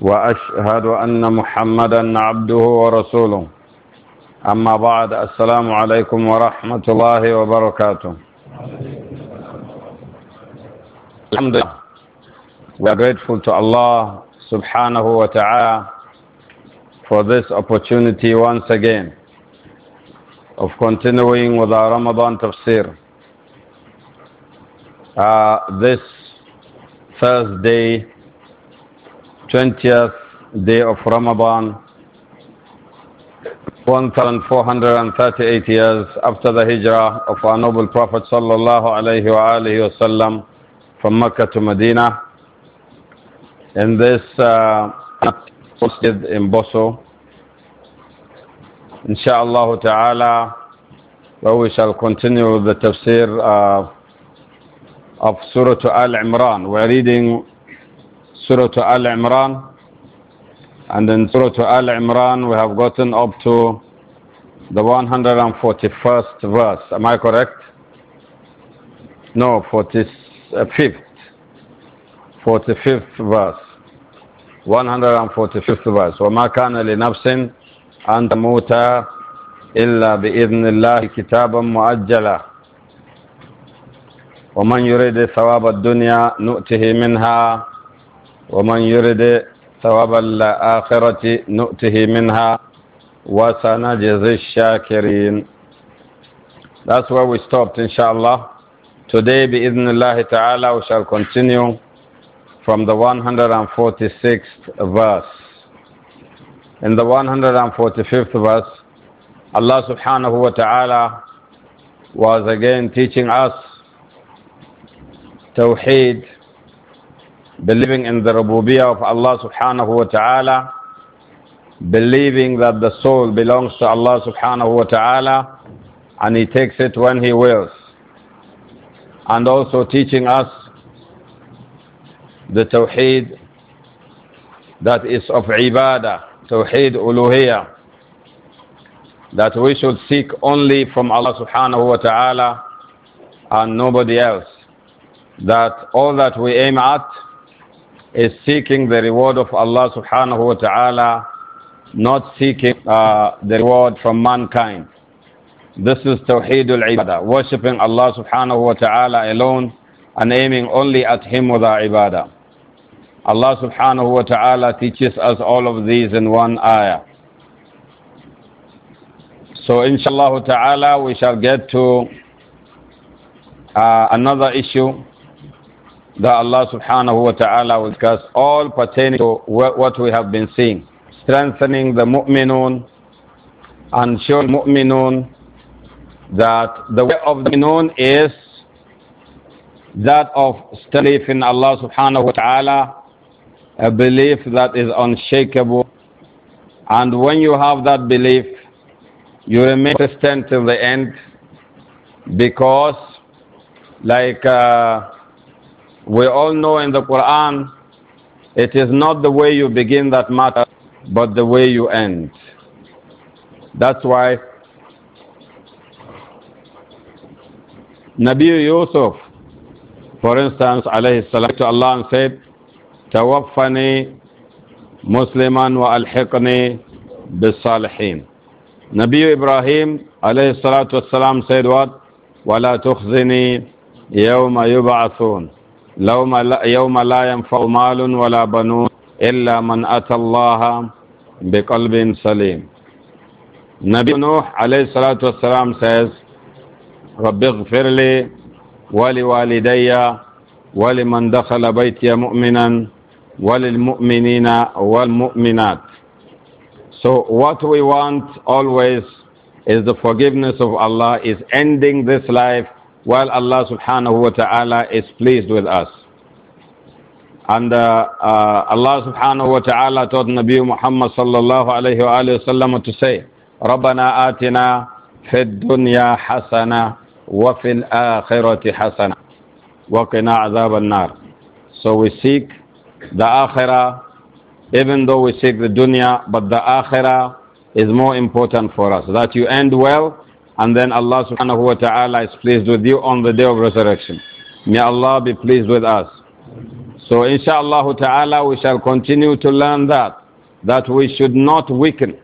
وأشهد أن محمدا عبده ورسوله أما بعد السلام عليكم ورحمة الله وبركاته الحمد لله We are grateful to Allah subhanahu wa ta'ala for this opportunity once again of continuing with our Ramadan tafsir. Uh, this Thursday 20th day of Ramadan, 1438 years after the hijrah of our noble Prophet sallallahu alayhi wa wasallam from Mecca to Medina. In this uh, posted in Boso, inshallah ta'ala, where we shall continue the tafsir uh, of Surah Al-Imran. We're reading Surah Al Imran. And in Surah Al Imran, we have gotten up to the 141st verse. Am I correct? No, 45th. 45th verse. 145th verse. وَمَا كَانَ لِنَفْسٍ أَن تَمُوتَ إِلَّا بِإِذْنِ اللَّهِ كِتَابًا مُؤَجَّلًا وَمَنْ يُرِدِ ثَوَابَ الدُّنْيَا نُؤْتِهِ مِنْهَا ومن يرد ثواب الآخرة نؤته منها وسنجزي الشاكرين That's where we stopped inshallah. Today بإذن ta'ala we shall continue from the 146th verse. In the 145th verse Allah subhanahu wa ta'ala was again teaching us Tawheed believing in the rububiyah of Allah subhanahu wa ta'ala, believing that the soul belongs to Allah subhanahu wa ta'ala and He takes it when He wills. And also teaching us the tawheed that is of ibadah, tawheed uluhiyah, that we should seek only from Allah subhanahu wa ta'ala and nobody else. That all that we aim at is seeking the reward of Allah subhanahu wa ta'ala, not seeking uh, the reward from mankind. This is Tawheedul Ibadah, worshipping Allah subhanahu wa ta'ala alone and aiming only at Him with our ibadah. Allah subhanahu wa ta'ala teaches us all of these in one ayah. So inshallah ta'ala we shall get to uh, another issue that Allah subhanahu wa ta'ala will curse, all pertaining to what we have been seeing. Strengthening the mu'minun and showing mu'minun that the way of the mu'minun is that of belief in Allah subhanahu wa ta'ala, a belief that is unshakable. And when you have that belief, you remain consistent till the end because, like, uh, we all know in the Quran, it is not the way you begin that matters, but the way you end. That's why Nabi Yusuf, for instance, alayhi salam to Allah and said, Tawaffani Musliman wa alhiqni bisalihin. Nabi Ibrahim, alayhi salatu wassalam, said what? وَلَا تُخْزِنِي يَوْمَ يُبْعَثُونَ يوم لا ينفع مال ولا بنون إلا من أتى الله بقلب سليم نبي نوح عليه الصلاة والسلام says رب اغفر لي ولوالدي ولمن دخل بيتي مؤمنا وللمؤمنين والمؤمنات So what we want always is the forgiveness of Allah is ending this life while Allah subhanahu wa ta'ala is pleased with us. And uh, uh, Allah subhanahu wa ta'ala taught Nabi Muhammad sallallahu alayhi wa, alayhi wa sallam to say, رَبَّنَا آتِنَا فِي الدُّنْيَا حَسَنَةً وَفِي الْآخِرَةِ حَسَنَةً وَقِنَا عَذَابَ النَّارِ So we seek the akhirah, even though we seek the dunya, but the akhirah is more important for us. That you end well and then Allah subhanahu wa ta'ala is pleased with you on the day of resurrection. May Allah be pleased with us. So insha'Allah ta'ala we shall continue to learn that, that we should not weaken.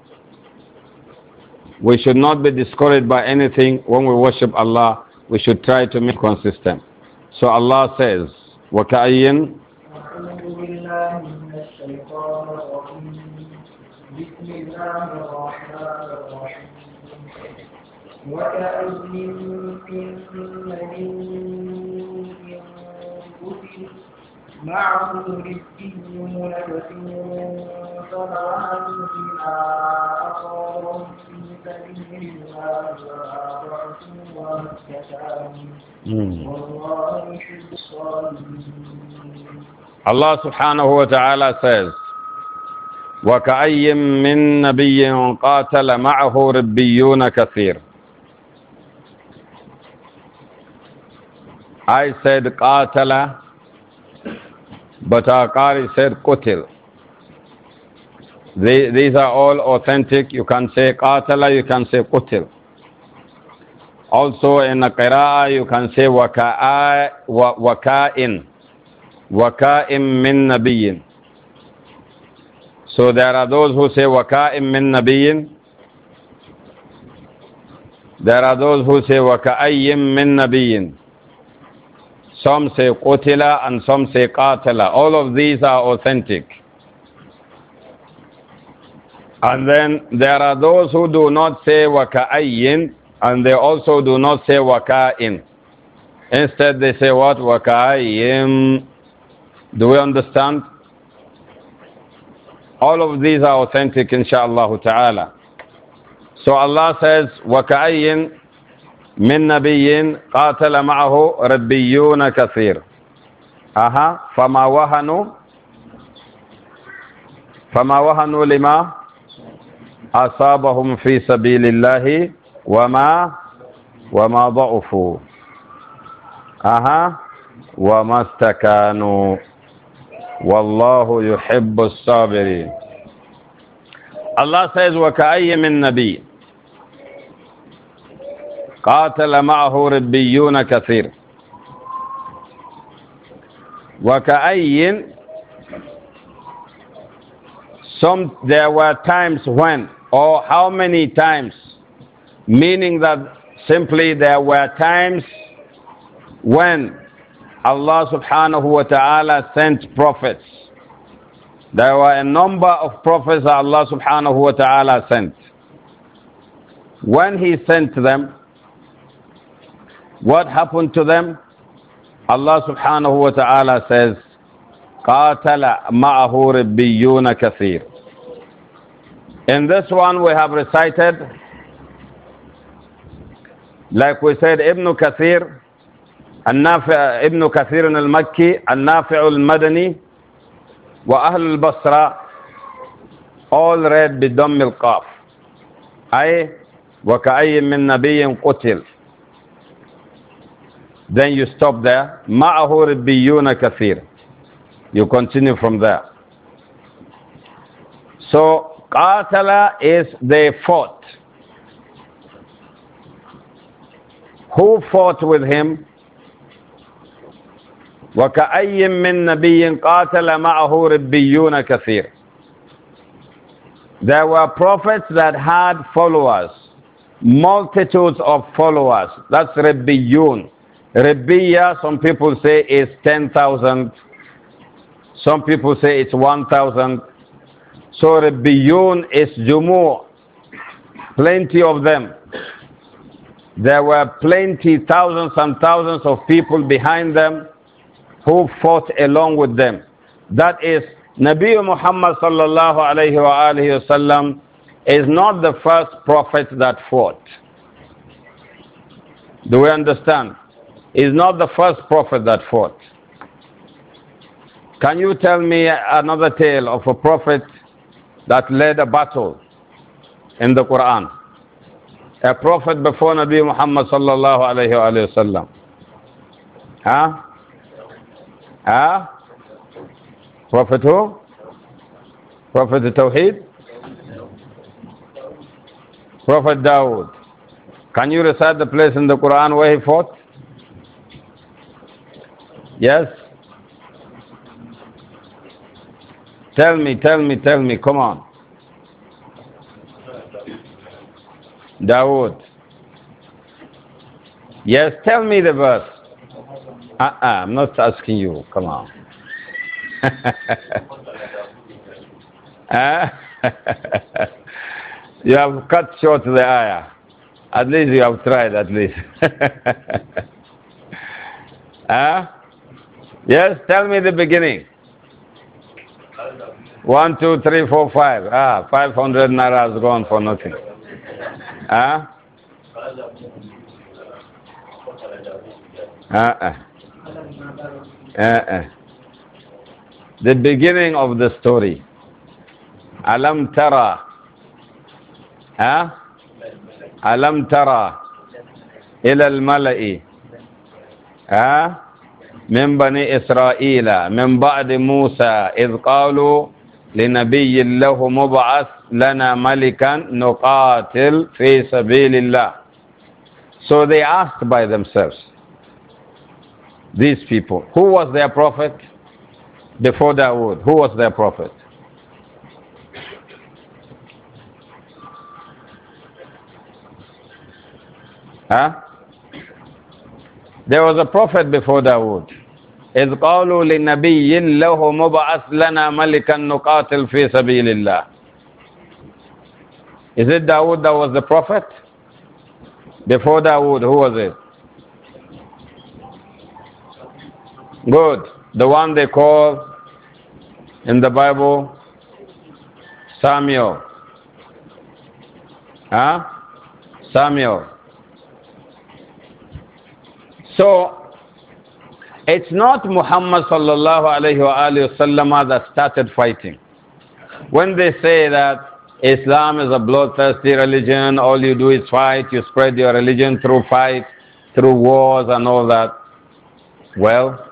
We should not be discouraged by anything when we worship Allah. We should try to be consistent. So Allah says, وَكَأَيِّن بسم الله الرحمن الرحيم وكأي من نبي قتل معه ربيون كثير فضعا بها أصابهم في سبيل الله وأضعفوا والله يحب الصالحين الله سبحانه وتعالى says وكأي من نبي قاتل معه ربيون كثير I said qatala, but our qari said qutil. these are all authentic. You can say qatala, you can say qutil. Also in a qira'ah, you can say waka'a, wa, waka'in. min nabiyin. So there are those who say Wakain min nabiyin. There are those who say waka'ayyim min nabiyin. Some say Qutila and some say Katila. All of these are authentic. And then there are those who do not say Waka'ayin and they also do not say Waka'in. Instead they say what? Waka'ayim. Do we understand? All of these are authentic, insha'Allah ta'ala. So Allah says, وَكَأَيٍّ من نبي قاتل معه ربيون كثير أها فما وهنوا فما وهنوا لما أصابهم في سبيل الله وما وما ضعفوا أها وما استكانوا والله يحب الصابرين الله says وكأي من نبي قاتل معه ربيون كثير وكأي some there were times when or how many times meaning that simply there were times when Allah subhanahu wa ta'ala sent prophets there were a number of prophets Allah subhanahu wa ta'ala sent when he sent them what happened to them? Allah subhanahu wa ta'ala says, قَاتَلَ مَعَهُ رِبِّيُّونَ كَثِيرٌ In this one we have recited, like we said, Ibn Kathir, النافع, Ibn Kathir al-Makki, madani wa al Basra, all read بدم القاف. أي وكأي من نبي قتل then you stop there. مَعَهُ رِبِّيُّونَ كَثِيرًا You continue from there. So, قَاتَلَ is they fought. Who fought with him? وكأي من نبي قاتل معه ربيون كثير There were prophets that had followers, multitudes of followers. That's ربيون. Rabbiya, some people say, is 10,000. Some people say it's 1,000. So Rebiyun is Jumu', plenty of them. There were plenty, thousands and thousands of people behind them who fought along with them. That is, Nabi Muhammad sallallahu alayhi wa alayhi wasallam is not the first prophet that fought. Do we understand? is not the first prophet that fought. Can you tell me another tale of a prophet that led a battle in the Quran? A prophet before Nabi Muhammad sallallahu alayhi wa sallam. Huh? Huh? Prophet who? Prophet Tawheed? Prophet Dawood. Can you recite the place in the Quran where he fought? Yes? Tell me, tell me, tell me. Come on. Dawood. Yes, tell me the verse. Uh -uh, I'm not asking you. Come on. you have cut short the ayah. At least you have tried, at least. huh? Yes, tell me the beginning. One, two, three, four, five. Ah, 500 naira has gone for nothing. Ah? Uh-uh. Uh-uh. The beginning of the story. Alam tara. Ah? Alam tara. Ilal al-mala'i. Ah? من بني إسرائيل من بعد موسى إذ قالوا لنبي الله مبعث لنا ملكا نقاتل في سبيل الله So they asked by themselves, these people, who was their prophet before Dawood? Who was their prophet? Huh? There was a prophet before Dawood. إذ قالوا لنبي له مبعث لنا ملكا نقاتل في سبيل الله Is it Dawood that was the prophet? Before Dawood, who was it? Good. The one they call in the Bible Samuel. Huh? Samuel. So it's not Muhammad sallallahu alayhi wa sallam that started fighting. When they say that Islam is a bloodthirsty religion, all you do is fight, you spread your religion through fight, through wars and all that. Well,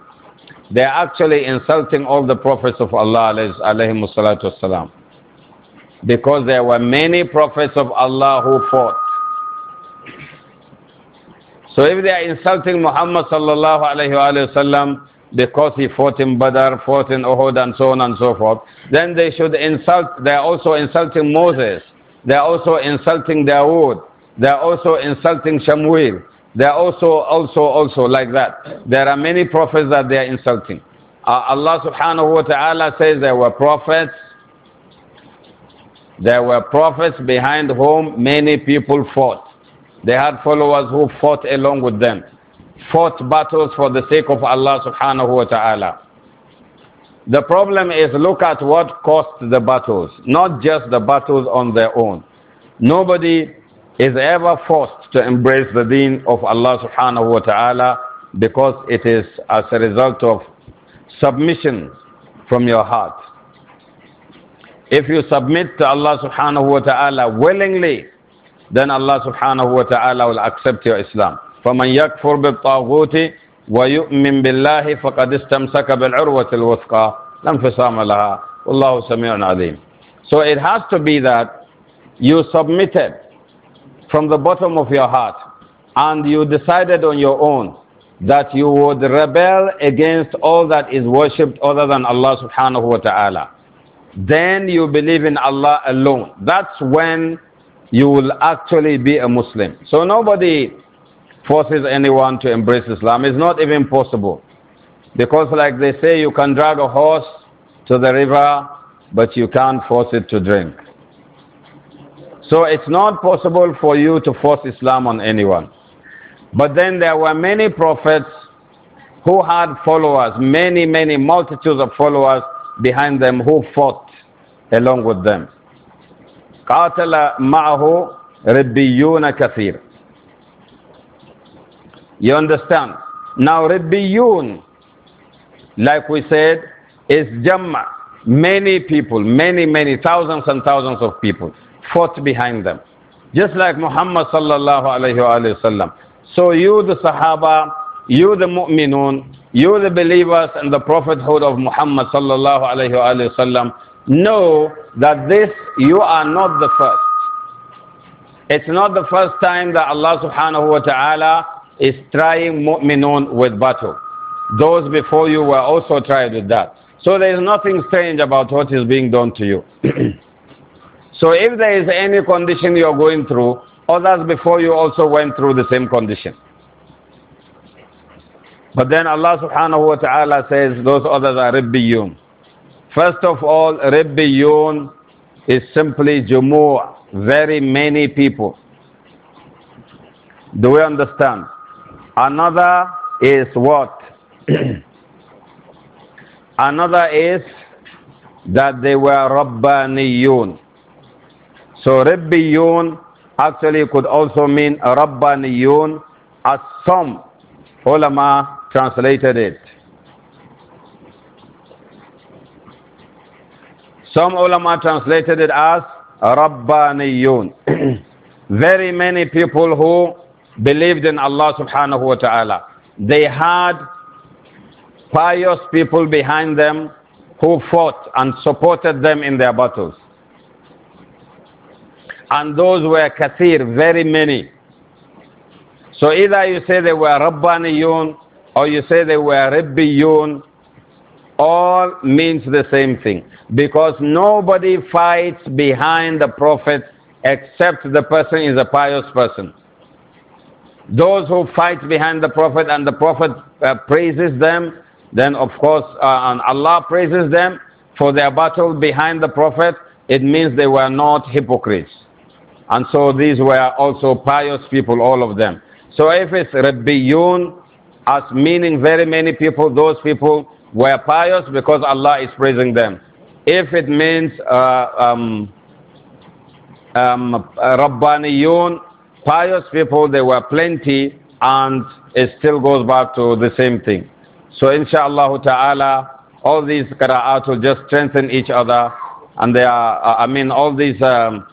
they're actually insulting all the prophets of Allah alayhi salatu wasalam. Because there were many prophets of Allah who fought. So if they are insulting Muhammad sallallahu alayhi wa sallam because he fought in Badr, fought in Uhud and so on and so forth, then they should insult, they are also insulting Moses, they are also insulting Dawood, they are also insulting Shamuel, they are also, also, also like that. There are many prophets that they are insulting. Uh, Allah subhanahu wa ta'ala says there were prophets, there were prophets behind whom many people fought. They had followers who fought along with them, fought battles for the sake of Allah subhanahu wa ta'ala. The problem is look at what cost the battles, not just the battles on their own. Nobody is ever forced to embrace the deen of Allah subhanahu wa ta'ala because it is as a result of submission from your heart. If you submit to Allah subhanahu wa ta'ala willingly, then Allah subhanahu wa ta'ala will accept your Islam. فَمَنْ يَكْفُرْ بِالطَّاغُوتِ وَيُؤْمِنْ بِاللَّهِ فَقَدْ اسْتَمْسَكَ بِالْعُرْوَةِ الْوَثْقَى لَا لَهَا وَاللَّهُ سَمِيعٌ عَلِيمٌ So it has to be that you submitted from the bottom of your heart and you decided on your own that you would rebel against all that is worshipped other than Allah subhanahu wa ta'ala. Then you believe in Allah alone. That's when you will actually be a Muslim. So nobody forces anyone to embrace Islam. It's not even possible. Because, like they say, you can drag a horse to the river, but you can't force it to drink. So it's not possible for you to force Islam on anyone. But then there were many prophets who had followers, many, many multitudes of followers behind them who fought along with them. قاتل معه ربيون كثير You understand? Now ربيون like we said is jamma many people many many thousands and thousands of people fought behind them just like Muhammad الله عليه وآله وسلم. so you the sahaba you the mu'minun you the believers and the prophethood of Muhammad الله عليه وآله وسلم know that this, you are not the first. It's not the first time that Allah subhanahu wa ta'ala is trying mu'minun with battle. Those before you were also tried with that. So there is nothing strange about what is being done to you. so if there is any condition you're going through, others before you also went through the same condition. But then Allah subhanahu wa ta'ala says those others are ribbiyum. First of all, Yon is simply Jumuah. very many people. Do we understand? Another is what? Another is that they were Rabbaniyun. So Yon actually could also mean Rabbaniyun as some ulama translated it. Some ulama translated it as Rabbaniyun. Very many people who believed in Allah subhanahu wa ta'ala. They had pious people behind them who fought and supported them in their battles. And those were kathir, very many. So either you say they were Rabbaniyun or you say they were Ribbiyun all means the same thing. Because nobody fights behind the Prophet except the person is a pious person. Those who fight behind the Prophet and the Prophet uh, praises them, then of course uh, Allah praises them for their battle behind the Prophet, it means they were not hypocrites. And so these were also pious people, all of them. So if it's Rabbiyun, as meaning very many people, those people were pious because Allah is praising them. If it means uh, um, um, pious people, there were plenty, and it still goes back to the same thing. So, insha'Allah ta'ala, all these qira'at will just strengthen each other, and they are, uh, I mean, all these um,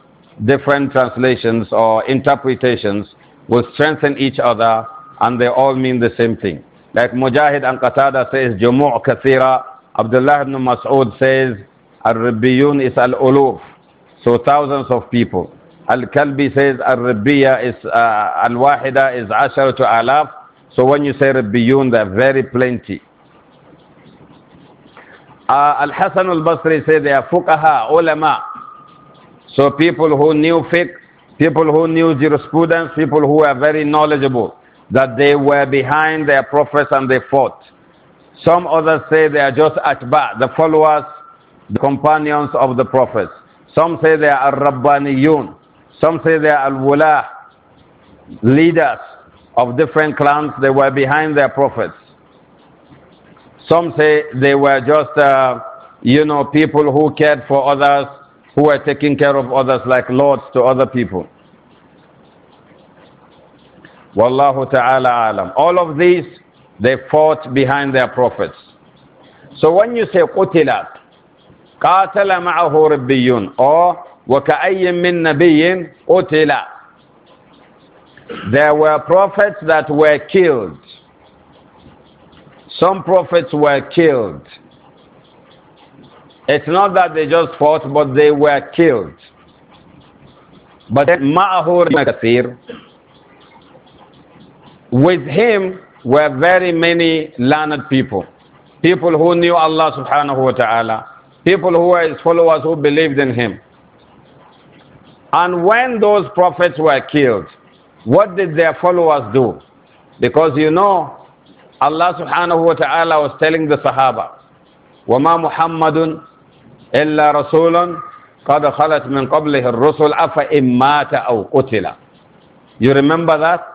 different translations or interpretations will strengthen each other, and they all mean the same thing. Like Mujahid and Qatada says, Jumu' kathira. Abdullah ibn Mas'ud says, Al-Ribbiyun is al-uluf. So thousands of people. Al-Kalbi says, Al-Ribbiya is, uh, Al-Wahida is ashar to alaf. So when you say Ribbiyun, they're very plenty. Uh, Al-Hasan al-Basri says they are fuqaha, ulama. So people who knew fiqh, people who knew jurisprudence, people who are very knowledgeable. that they were behind their prophets and they fought. Some others say they are just atba, the followers, the companions of the prophets. Some say they are al-Rabbaniyun. Some say they are al-Wula, leaders of different clans. They were behind their prophets. Some say they were just, uh, you know, people who cared for others, who were taking care of others like lords to other people. Wallahu ta'ala alam. All of these, they fought behind their prophets. So when you say قتلت قاتل معه ربيون or وكأي من نبي قتل There were prophets that were killed. Some prophets were killed. It's not that they just fought, but they were killed. But then, معه ربيون with him were very many learned people. People who knew Allah subhanahu wa ta'ala. People who were his followers who believed in him. And when those prophets were killed, what did their followers do? Because you know, Allah subhanahu wa ta'ala was telling the Sahaba, وَمَا مُحَمَّدٌ إِلَّا رَسُولٌ قَدْ خَلَتْ مِنْ قَبْلِهِ الرُّسُلْ أَفَإِمَّاتَ أَوْ قُتِلَ You remember that?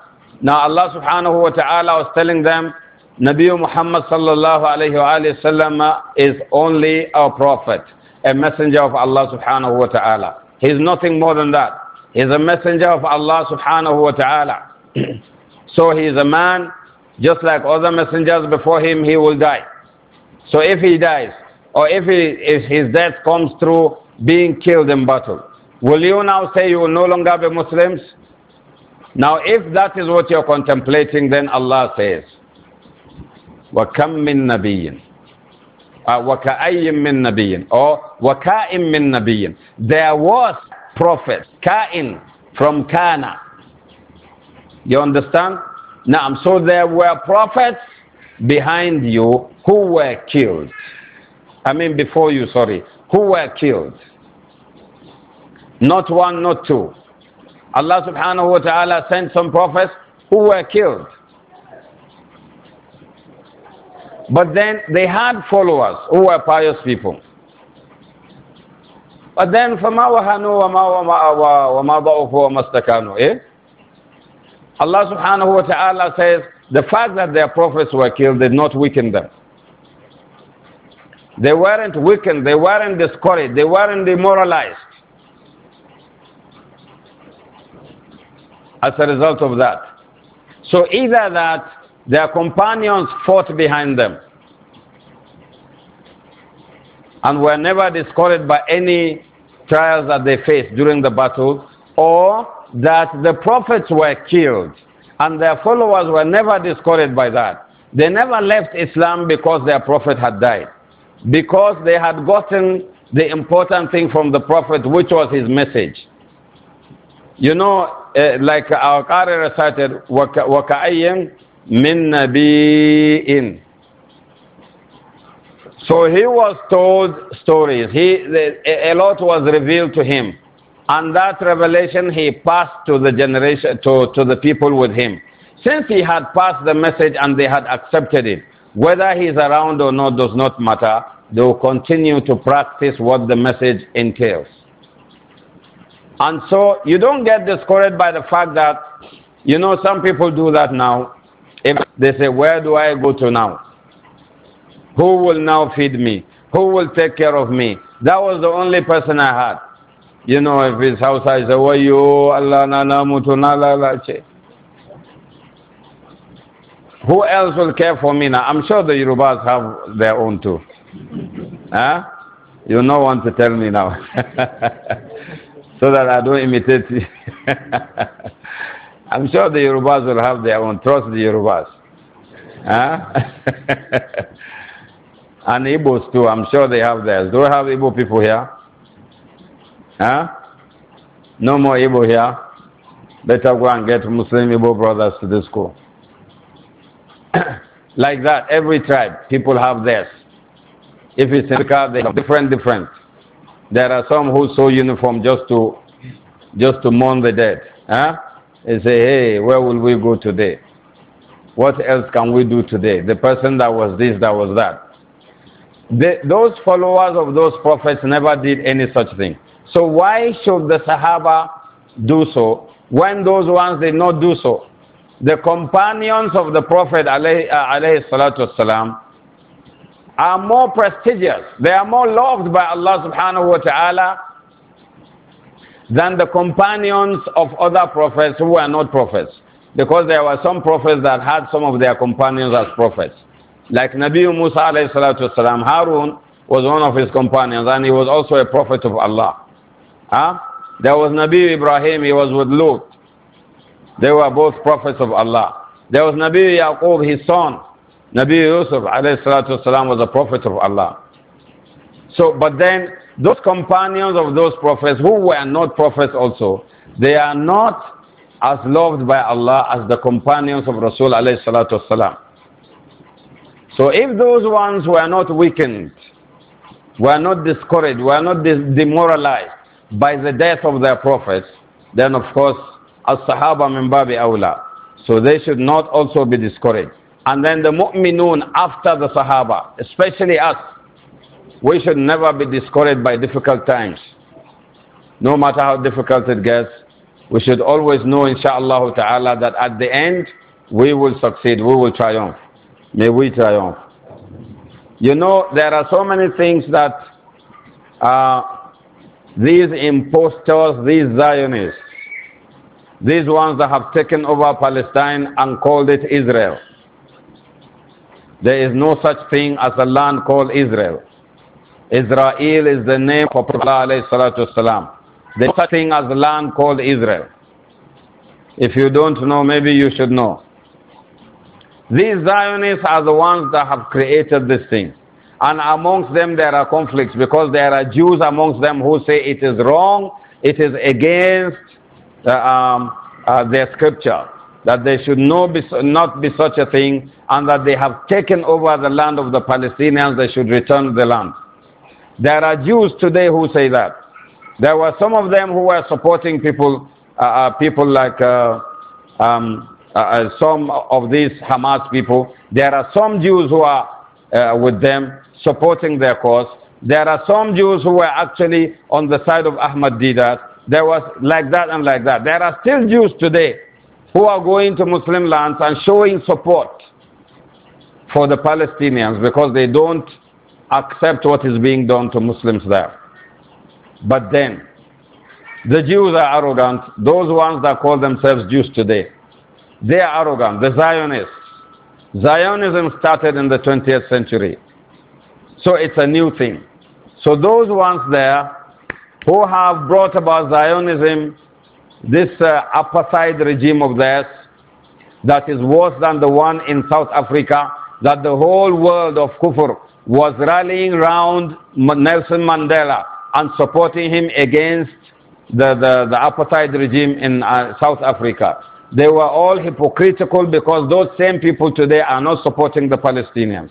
Now Allah subhanahu wa ta'ala was telling them, Nabi Muhammad sallallahu alayhi wa sallam is only a prophet, a messenger of Allah subhanahu wa ta'ala. He's nothing more than that. He's a messenger of Allah subhanahu wa ta'ala. so he is a man, just like other messengers before him, he will die. So if he dies, or if, he, if his death comes through being killed in battle, will you now say you will no longer be Muslims? Now, if that is what you're contemplating, then Allah says, وَكَمْ مِن نَبِيٍّ uh, وَكَأَيٍّ مِن نَبِيٍّ or وَكَائِم مِن نَبِيٍّ There was prophets, Kain from Kana. You understand? Now, so there were prophets behind you who were killed. I mean, before you, sorry, who were killed. Not one, not two. Allah subhanahu wa ta'ala sent some prophets who were killed. But then they had followers who were pious people. But then فَمَا وَهَنُوا وَمَا وَمَا ضَعُفُوا وَمَا اسْتَكَانُوا eh? Allah subhanahu wa ta'ala says, the fact that their prophets were killed did not weaken them. They weren't weakened, they weren't discouraged, they weren't demoralized. as a result of that. So either that their companions fought behind them and were never discouraged by any trials that they faced during the battle, or that the prophets were killed and their followers were never discouraged by that. They never left Islam because their prophet had died, because they had gotten the important thing from the prophet, which was his message. You know, Eh, like our Qari recited, وَكَأَيِّن مِن نَبِيٍ So he was told stories. He, a lot was revealed to him. And that revelation he passed to the generation, to, to the people with him. Since he had passed the message and they had accepted it, whether he's around or not does not matter. They will continue to practice what the message entails. And so you don't get discouraged by the fact that, you know, some people do that now. If they say, Where do I go to now? Who will now feed me? Who will take care of me? That was the only person I had. You know, if his house I say, Wayo, Allah na na mutuna la la che. Who else will care for me now? I'm sure the Yorubas have their own too. Huh? You no want to tell me now. so that I don't imitate I'm sure the Yorubas will have their own. Trust the Yorubas. Huh? and Igbos too, I'm sure they have theirs. Do we have Igbo people here? Huh? No more Igbo here. Better go and get Muslim Igbo brothers to the school. like that, every tribe, people have theirs. If it's in Africa, they have different, different. There are some who sew uniform just to just to mourn the dead. Huh? They say, hey, where will we go today? What else can we do today? The person that was this, that was that. The, those followers of those prophets never did any such thing. So why should the Sahaba do so when those ones did not do so? The companions of the Prophet alayhi, uh, alayhi salatu wasalam, are more prestigious, they are more loved by Allah subhanahu wa ta'ala than the companions of other prophets who were not prophets. Because there were some prophets that had some of their companions as prophets. Like Nabi Musa alayhi salatu wasalam, Harun was one of his companions and he was also a prophet of Allah. Huh? There was Nabi Ibrahim, he was with Lut. They were both prophets of Allah. There was Nabi Yaqub, his son. Nabi Yusuf والسلام, was a prophet of Allah. So, but then those companions of those prophets who were not prophets also, they are not as loved by Allah as the companions of Rasul والسلام. So if those ones were not weakened, were not discouraged, were not demoralized by the death of their prophets, then of course, as-sahaba mimbabi babi awla. So they should not also be discouraged. And then the mu'minun after the Sahaba, especially us, we should never be discouraged by difficult times. No matter how difficult it gets, we should always know, Insha'Allah, ta'ala, that at the end, we will succeed, we will triumph. May we triumph. You know, there are so many things that uh, these impostors, these Zionists, these ones that have taken over Palestine and called it Israel. There is no such thing as a land called Israel. Israel is the name for Prophet ﷺ. There is no such thing as a land called Israel. If you don't know, maybe you should know. These Zionists are the ones that have created this thing. And amongst them there are conflicts because there are Jews amongst them who say it is wrong, it is against uh, um, uh, their scripture that there should no be, not be such a thing and that they have taken over the land of the Palestinians, they should return the land. There are Jews today who say that. There were some of them who were supporting people, uh, uh people like uh, um, uh, uh, some of these Hamas people. There are some Jews who are uh, with them supporting their cause. There are some Jews who were actually on the side of Ahmad Didat. There was like that and like that. There are still Jews today who are going to Muslim lands and showing support for the Palestinians because they don't accept what is being done to Muslims there. But then, the Jews are arrogant. Those ones that call themselves Jews today, they are arrogant. The Zionists. Zionism started in the 20th century. So it's a new thing. So those ones there who have brought about Zionism this uh, regime of theirs that is worse than the one in South Africa, that the whole world of kufr was rallying round Nelson Mandela and supporting him against the, the, the apartheid regime in uh, South Africa. They were all hypocritical because those same people today are not supporting the Palestinians.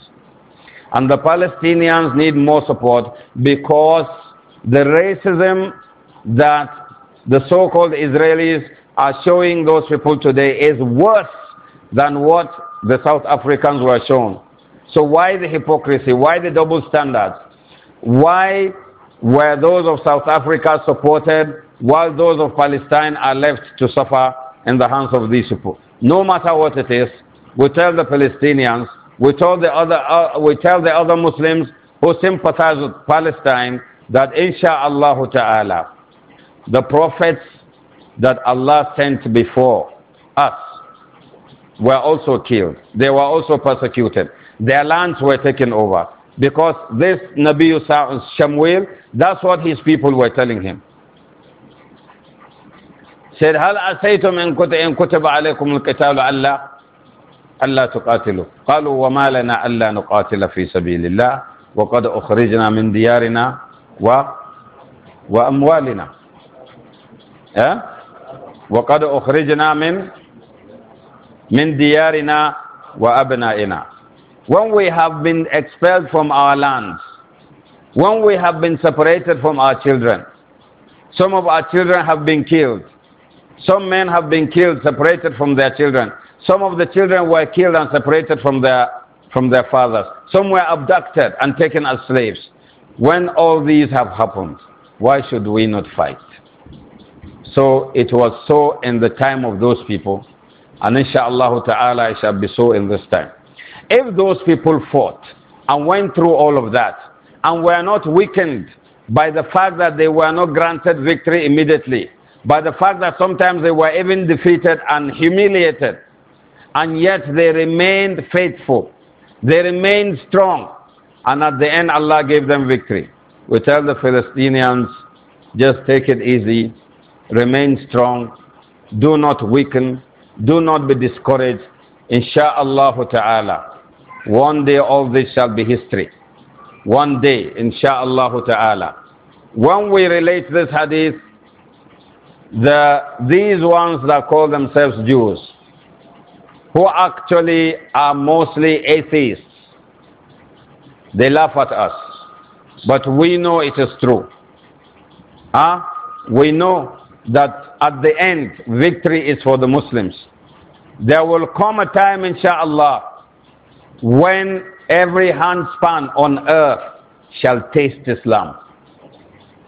And the Palestinians need more support because the racism that the so-called Israelis are showing those people today is worse than what the South Africans were shown. So why the hypocrisy? Why the double standards? Why were those of South Africa supported while those of Palestine are left to suffer in the hands of these people? No matter what it is, we tell the Palestinians, we tell the other, uh, we tell the other Muslims who sympathize with Palestine that inshallah ta'ala, the prophets that Allah sent before us were also killed. They were also persecuted. Their lands were taken over. Because this Nabi Shamuel, that's what his people were telling him. Said, هل أسيتم إن كتب, إن كتب عليكم القتال ألا ألا تقاتلوا قالوا وما لنا ألا نقاتل في سبيل الله وقد أخرجنا من ديارنا و وأموالنا when we have been expelled from our lands, when we have been separated from our children, some of our children have been killed. Some men have been killed, separated from their children. Some of the children were killed and separated from their, from their fathers. Some were abducted and taken as slaves. When all these have happened, why should we not fight? So it was so in the time of those people, and inshallah ta'ala it shall be so in this time. If those people fought and went through all of that and were not weakened by the fact that they were not granted victory immediately, by the fact that sometimes they were even defeated and humiliated, and yet they remained faithful, they remained strong, and at the end Allah gave them victory. We tell the Palestinians, just take it easy, Remain strong. Do not weaken. Do not be discouraged. Insha'Allah ta'ala. One day all this shall be history. One day, insha'Allah ta'ala. When we relate this hadith, the, these ones that call themselves Jews, who actually are mostly atheists, they laugh at us. But we know it is true. Huh? We know that at the end, victory is for the Muslims. There will come a time, inshallah, when every handspan on earth shall taste Islam.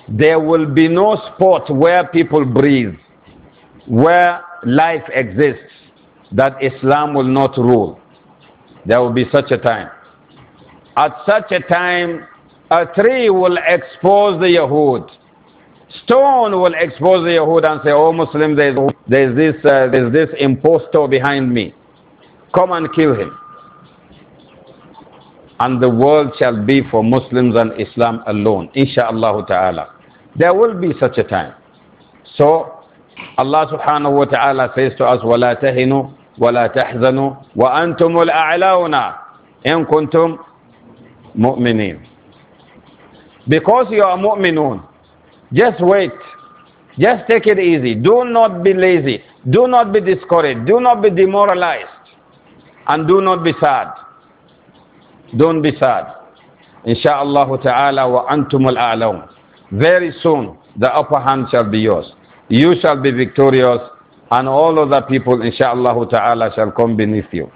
There will be no spot where people breathe, where life exists, that Islam will not rule. There will be such a time. At such a time, a tree will expose the Yahud Stone will expose the Yahud and say, Oh Muslim, there's, there's, this, uh, there's this impostor behind me. Come and kill him. And the world shall be for Muslims and Islam alone, insha'Allah ta'ala. There will be such a time. So, Allah subhanahu wa ta'ala says to us, وَلَا تَهِنُوا وَلَا تَحْزَنُوا وَأَنْتُمُ الْأَعْلَوْنَا إِن كُنْتُمْ مُؤْمِنِينَ Because you are mu'minun, just wait. Just take it easy. Do not be lazy. Do not be discouraged. Do not be demoralized. And do not be sad. Don't be sad. Insha'Allah ta'ala wa antumul a'laun. Very soon, the upper hand shall be yours. You shall be victorious and all other people, insha'Allah ta'ala, shall come beneath you.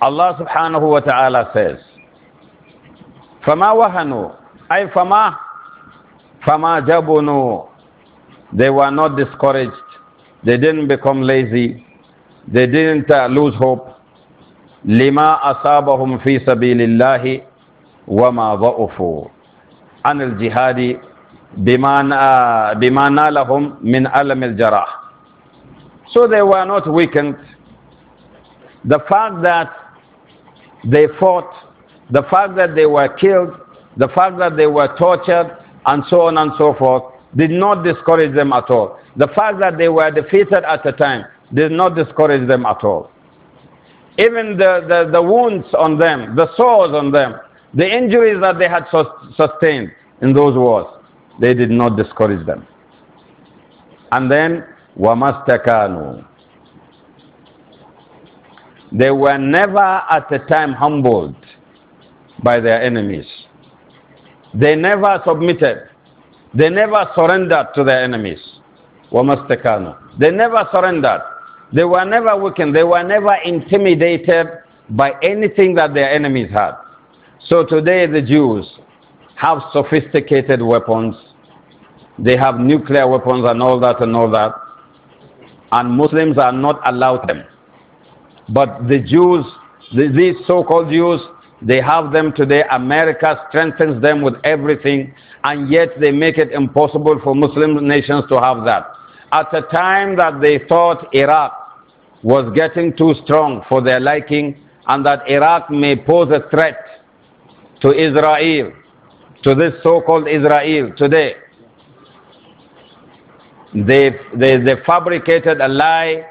Allah subhanahu wa ta'ala says, فَمَا وَهَنُوا أي فَمَا Fama jabunu. They were not discouraged. They didn't become lazy. They didn't uh, lose hope. Lima asabahum fi sabilillahi wama dha'ufu. An al-jihadi bima nalahum min alam al-jarah. So they were not weakened. The fact that they fought, the fact that they were killed, the fact that they were tortured, and so on and so forth, did not discourage them at all. The fact that they were defeated at the time did not discourage them at all. Even the, the, the wounds on them, the sores on them, the injuries that they had sustained in those wars, they did not discourage them. And then, وَمَسْتَكَانُوا They were never at the time humbled by their enemies. They never submitted. They never surrendered to their enemies. They never surrendered. They were never weakened. They were never intimidated by anything that their enemies had. So today the Jews have sophisticated weapons. They have nuclear weapons and all that and all that. And Muslims are not allowed them. But the Jews, these so-called Jews, they have them today. America strengthens them with everything, and yet they make it impossible for Muslim nations to have that. At a time that they thought Iraq was getting too strong for their liking, and that Iraq may pose a threat to Israel, to this so called Israel today, they, they, they fabricated a lie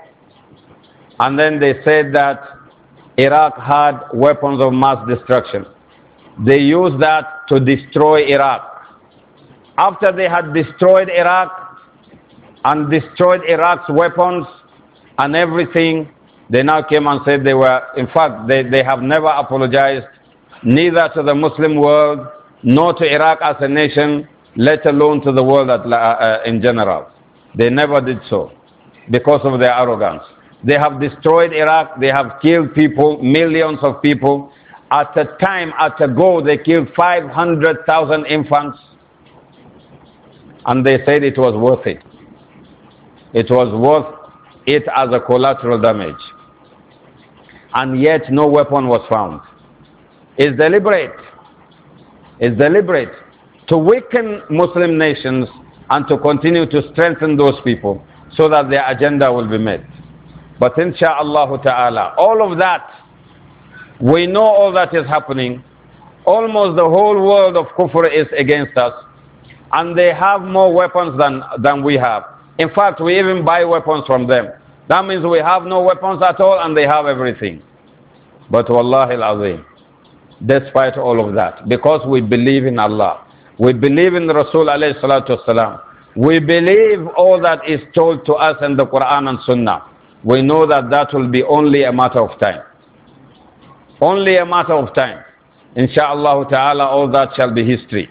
and then they said that Iraq had weapons of mass destruction. They used that to destroy Iraq. After they had destroyed Iraq and destroyed Iraq's weapons and everything, they now came and said they were, in fact, they, they have never apologized, neither to the Muslim world, nor to Iraq as a nation, let alone to the world at, uh, uh, in general. They never did so because of their arrogance. They have destroyed Iraq. They have killed people, millions of people. At a time, at a go, they killed 500,000 infants. And they said it was worth it. It was worth it as a collateral damage. And yet, no weapon was found. It's deliberate. It's deliberate to weaken Muslim nations and to continue to strengthen those people so that their agenda will be met. But insha'Allah ta'ala, all of that, we know all that is happening. Almost the whole world of kufr is against us. And they have more weapons than, than we have. In fact, we even buy weapons from them. That means we have no weapons at all and they have everything. But wallahi al-azim, despite all of that, because we believe in Allah, we believe in Rasul alayhi salatu we believe all that is told to us in the Quran and Sunnah we know that that will be only a matter of time. Only a matter of time. Insha'Allah ta'ala, all that shall be history.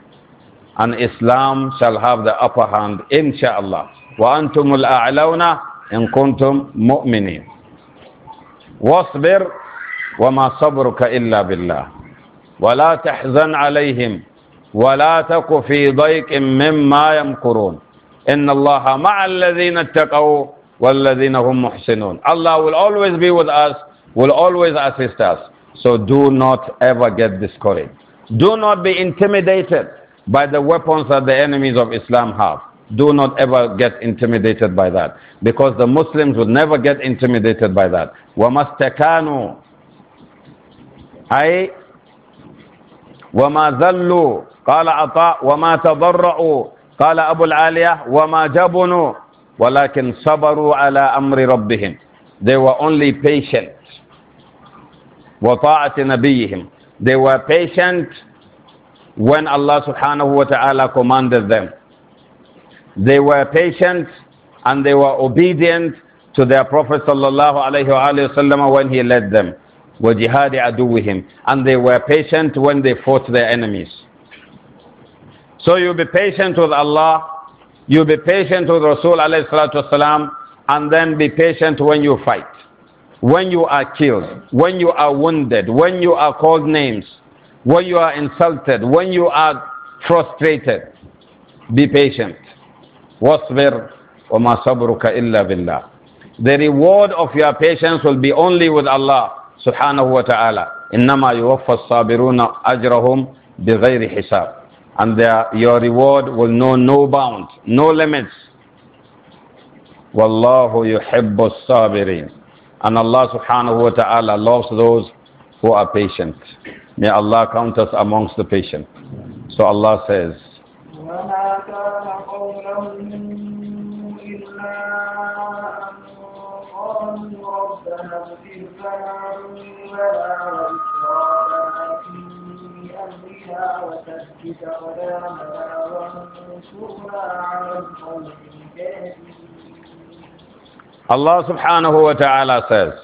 And Islam shall have the upper hand, insha'Allah. Wa antumul a'launa in kuntum Wa Wasbir wa ma sabruka illa billah. Wa la tahzan alayhim. Wa la taku fi mim mimma yamkurun. Inna allaha ma'al ladhina attaqawu وَالَّذِينَ هُمْ مُحْسِنُونَ Allah will always be with us, will always assist us. So do not ever get discouraged. Do not be intimidated by the weapons that the enemies of Islam have. Do not ever get intimidated by that. Because the Muslims will never get intimidated by that. وَمَسْتَكَانُوا أي وما ذلوا قال عطاء وما تضرعوا قال أبو العالية وما جبنوا وَلَكِنْ صَبَرُوا عَلَىٰ أَمْرِ رَبِّهِمْ They were only patient. وَطَاعَةِ نَبِيِّهِمْ They were patient when Allah subhanahu wa ta'ala commanded them. They were patient and they were obedient to their Prophet sallallahu alayhi wa sallam when he led them. وَجِهَادِ عَدُوِّهِمْ And they were patient when they fought their enemies. So you be patient with Allah you be patient with Rasul والسلام, and then be patient when you fight, when you are killed, when you are wounded, when you are called names, when you are insulted, when you are frustrated. Be patient. وَاصْبِرْ وَمَا صَبْرُكَ illa billah. The reward of your patience will be only with Allah subhanahu wa ta'ala. إِنَّمَا يُوَفَّى الصَّابِرُونَ أَجْرَهُمْ بِغَيْرِ حِسَابٍ and their, your reward will know no bounds, no limits. Wallahu yuhibbu sabirin. And Allah subhanahu wa ta'ala loves those who are patient. May Allah count us amongst the patient. So Allah says, بأمرها سبحانه وتعالى على says,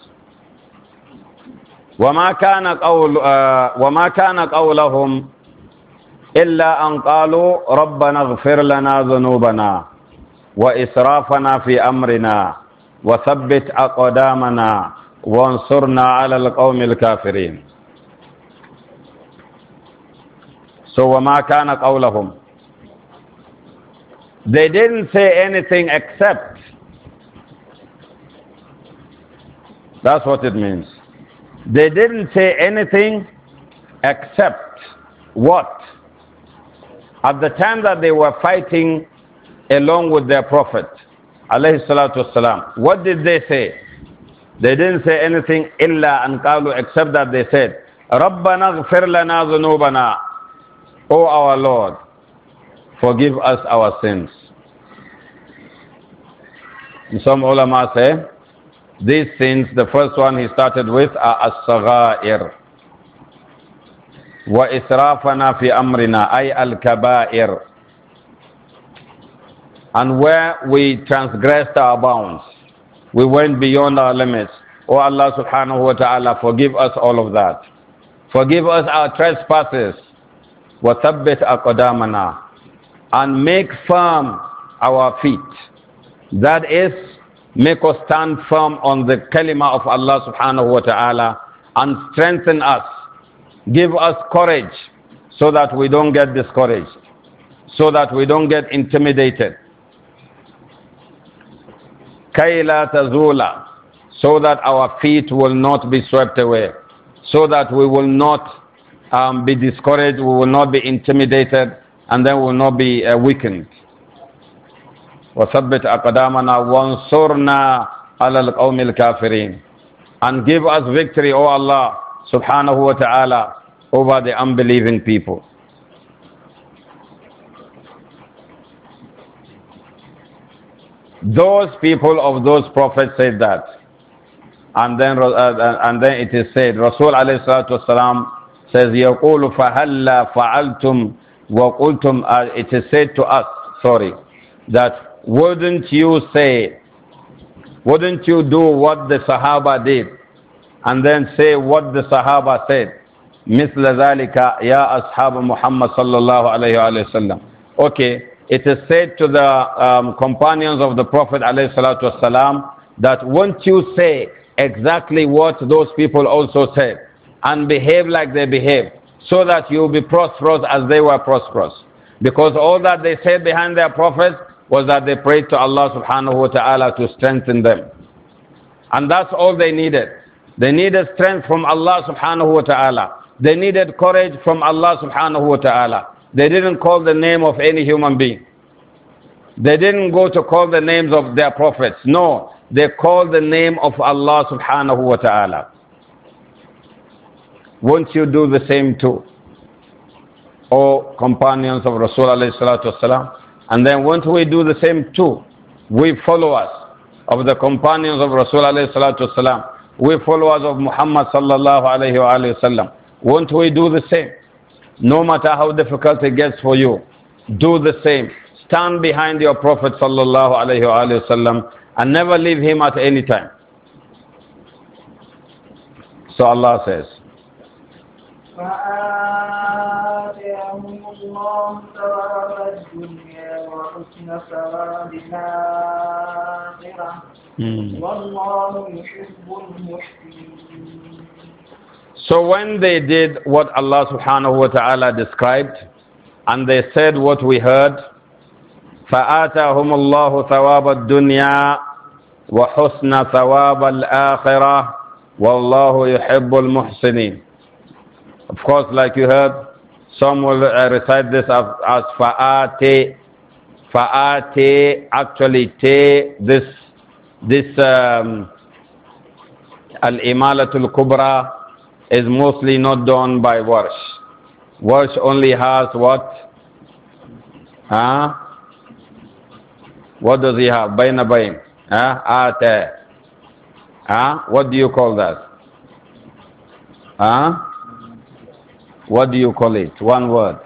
وما كان قول آه، وما كان قولهم إلا أن قالوا ربنا اغفر لنا ذنوبنا وإسرافنا في أمرنا وثبت أقدامنا وانصرنا على القوم الكافرين So وَمَا كَانَ قَوْلَهُمْ They didn't say anything except. That's what it means. They didn't say anything except what? At the time that they were fighting along with their prophet, alayhi salatu wasalam, what did they say? They didn't say anything illa and kalu except that they said, رَبَّنَا اغْفِرْ لَنَا ذُنُوبَنَا O our Lord, forgive us our sins. And some ulama say, these sins, the first one he started with are as-saghair. fi amrina, ay al-kabair. and where we transgressed our bounds we went beyond our limits oh Allah subhanahu wa ta'ala forgive us all of that forgive us our trespasses وَثَبِّتْ أَقْدَامَنَا And make firm our feet. That is, make us stand firm on the kalima of Allah subhanahu wa ta'ala and strengthen us. Give us courage so that we don't get discouraged, so that we don't get intimidated. Kaila tazula, so that our feet will not be swept away, so that we will not um, be discouraged, we will not be intimidated, and then we will not be uh, weakened. وثبت أقدامنا وانصرنا على القوم الكافرين and give us victory O Allah subhanahu wa ta'ala over the unbelieving people those people of those prophets said that and then uh, and then it is said Rasul alayhi salatu wasalam says, يَقُولُ فَهَلَّا فَعَلْتُمْ وَقُلْتُمْ uh, It is said to us, sorry, that wouldn't you say, wouldn't you do what the Sahaba did and then say what the Sahaba said? مثل ذلك يا أصحاب محمد صلى الله عليه وسلم. Okay, it is said to the um, companions of the Prophet عليه الصلاة والسلام that won't you say exactly what those people also said? and behave like they behaved, so that you will be prosperous as they were prosperous. Because all that they said behind their prophets was that they prayed to Allah subhanahu wa ta'ala to strengthen them. And that's all they needed. They needed strength from Allah subhanahu wa ta'ala. They needed courage from Allah subhanahu wa ta'ala. They didn't call the name of any human being. They didn't go to call the names of their prophets. No, they called the name of Allah subhanahu wa ta'ala. Won't you do the same too? O companions of Rasul والسلام, and then won't we do the same too? We followers of the companions of Rasul والسلام, we followers of Muhammad sallallahu alayhi wa sallam. Won't we do the same? No matter how difficult it gets for you, do the same. Stand behind your Prophet sallallahu alayhi wa sallam and never leave him at any time. So Allah says, فآتيهم الله ثواب الدنيا وحسن ثواب الآخرة hmm. والله يحب المحسنين So when they did what Allah subhanahu wa ta'ala described, and they said what we heard, فآتاهم الله ثواب الدنيا وحسن ثواب الآخرة والله يحب المحسنين Of course, like you heard, some will uh, recite this as, as fa'ate. actually, te, this, this, um, al-imalatul kubra is mostly not done by warsh. Warsh only has what? Huh? What does he have? Baina bain. Huh? Ate. Huh? What do you call that? Huh? What do you call it? One word.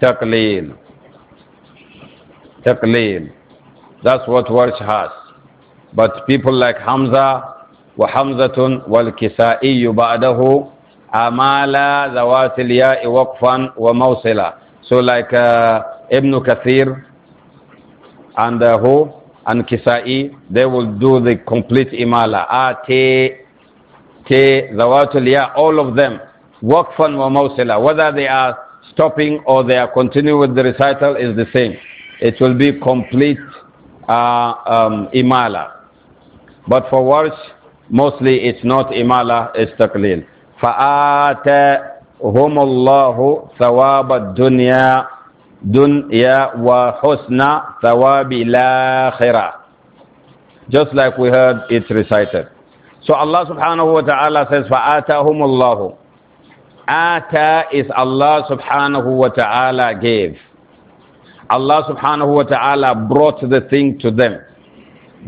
Taqleel. Taqleel. That's what Warsh has. But people like Hamza, وَحَمْزَةٌ وَالْكِسَائِيُّ بَعْدَهُ أَمَالَ ذَوَاتِ الْيَاءِ وَقْفًا وَمَوْصِلًا So like uh, Ibn Kathir and uh, who? And Kisa'i, they will do the complete imala. A-T-I. K, Zawatul Ya, all of them, work from Mawsila, whether they are stopping or they are continuing with the recital is the same. It will be complete uh, um, Imala. But for words, mostly it's not Imala, it's Taqleel. فآتهم الله ثواب الدنيا dunya wa husna thawabi lakhirah. Just like we heard it recited. So Allah subhanahu wa ta'ala says, فَآتَاهُمُ اللَّهُ Ata is Allah subhanahu wa ta'ala gave. Allah subhanahu wa ta'ala brought the thing to them.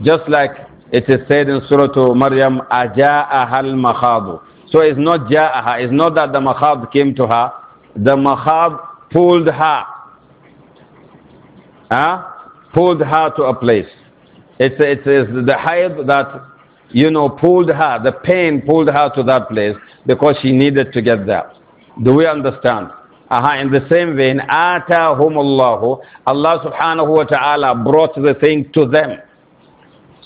Just like it is said in Surah Maryam, "Ajaa al-makhadu. So it's not ja'aha, it's not that the makhab came to her. The makhab pulled her. Huh? Pulled her to a place. It's, it's, it's the hayd that you know, pulled her, the pain pulled her to that place because she needed to get there. Do we understand? Uh -huh. In the same vein, atahumullahu, Allah subhanahu wa ta'ala brought the thing to them.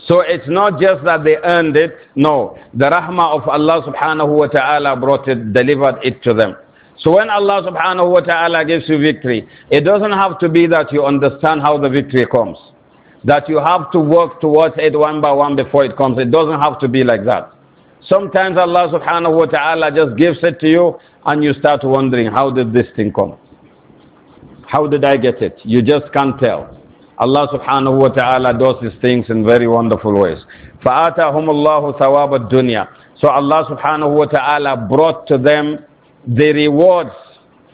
So it's not just that they earned it, no. The rahmah of Allah subhanahu wa ta'ala brought it, delivered it to them. So when Allah subhanahu wa ta'ala gives you victory, it doesn't have to be that you understand how the victory comes that you have to work towards it one by one before it comes. It doesn't have to be like that. Sometimes Allah subhanahu wa ta'ala just gives it to you and you start wondering, how did this thing come? How did I get it? You just can't tell. Allah subhanahu wa ta'ala does these things in very wonderful ways. فَآتَاهُمُ اللَّهُ ثَوَابَ الدُّنْيَا So Allah subhanahu wa ta'ala brought to them the rewards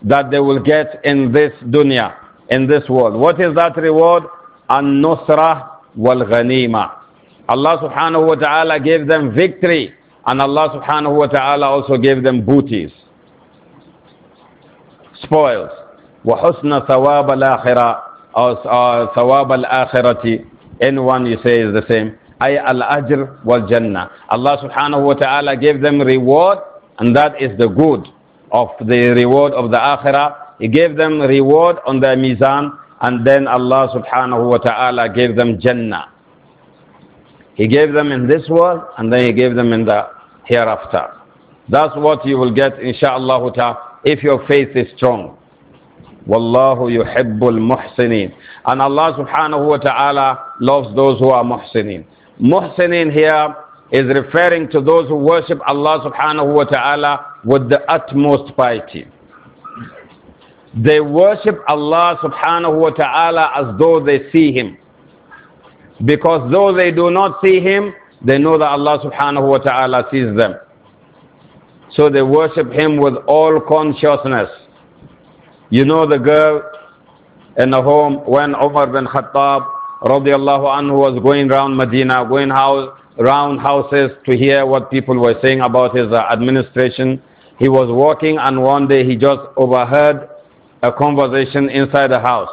that they will get in this dunya, in this world. What is that reward? النصرة والغنيمة. wal Allah subhanahu wa ta'ala gave them victory and Allah subhanahu wa ta'ala also gave them booties, spoils. وَحُسْنَ ثَوَابَ الْآخِرَةِ or uh, ثَوَابَ الْآخِرَةِ Anyone you say is the same. أي الأجر والجنة. Allah subhanahu wa ta'ala gave them reward and that is the good of the reward of the akhirah. He gave them reward on the mizan and then Allah subhanahu wa ta'ala gave them Jannah. He gave them in this world and then He gave them in the hereafter. That's what you will get inshaAllah if your faith is strong. Wallahu yuhibbul muhsinin. And Allah subhanahu wa ta'ala loves those who are muhsinin. Muhsinin here is referring to those who worship Allah subhanahu wa ta'ala with the utmost piety. They worship Allah subhanahu wa ta'ala as though they see Him. Because though they do not see Him, they know that Allah subhanahu wa ta'ala sees them. So they worship Him with all consciousness. You know the girl in the home when Umar bin Khattab radiallahu anhu was going round Medina, going house, round houses to hear what people were saying about his administration. He was walking and one day he just overheard a conversation inside the house.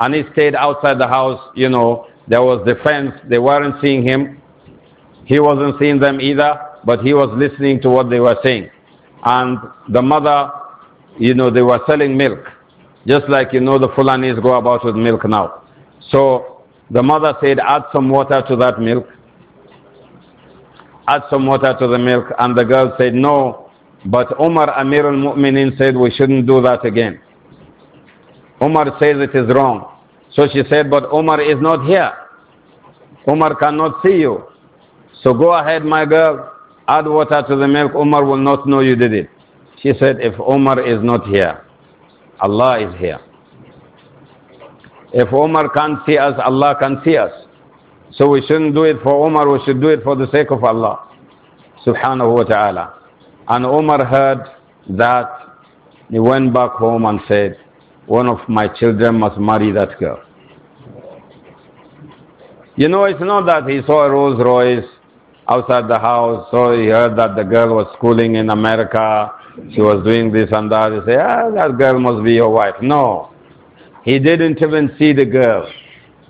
And he stayed outside the house, you know, there was the fence, they weren't seeing him. He wasn't seeing them either, but he was listening to what they were saying. And the mother, you know, they were selling milk, just like you know the Fulanis go about with milk now. So the mother said, add some water to that milk. Add some water to the milk. And the girl said, no, but Umar Amir al-Mu'minin said we shouldn't do that again. Omar says it is wrong. So she said, But Omar is not here. Omar cannot see you. So go ahead, my girl, add water to the milk. Omar will not know you did it. She said, If Omar is not here, Allah is here. If Omar can't see us, Allah can see us. So we shouldn't do it for Omar, we should do it for the sake of Allah. Subhanahu wa ta'ala. And Omar heard that. He went back home and said, one of my children must marry that girl. You know, it's not that he saw a Rolls Royce outside the house, so he heard that the girl was schooling in America, she was doing this and that. He said, ah, that girl must be your wife. No. He didn't even see the girl.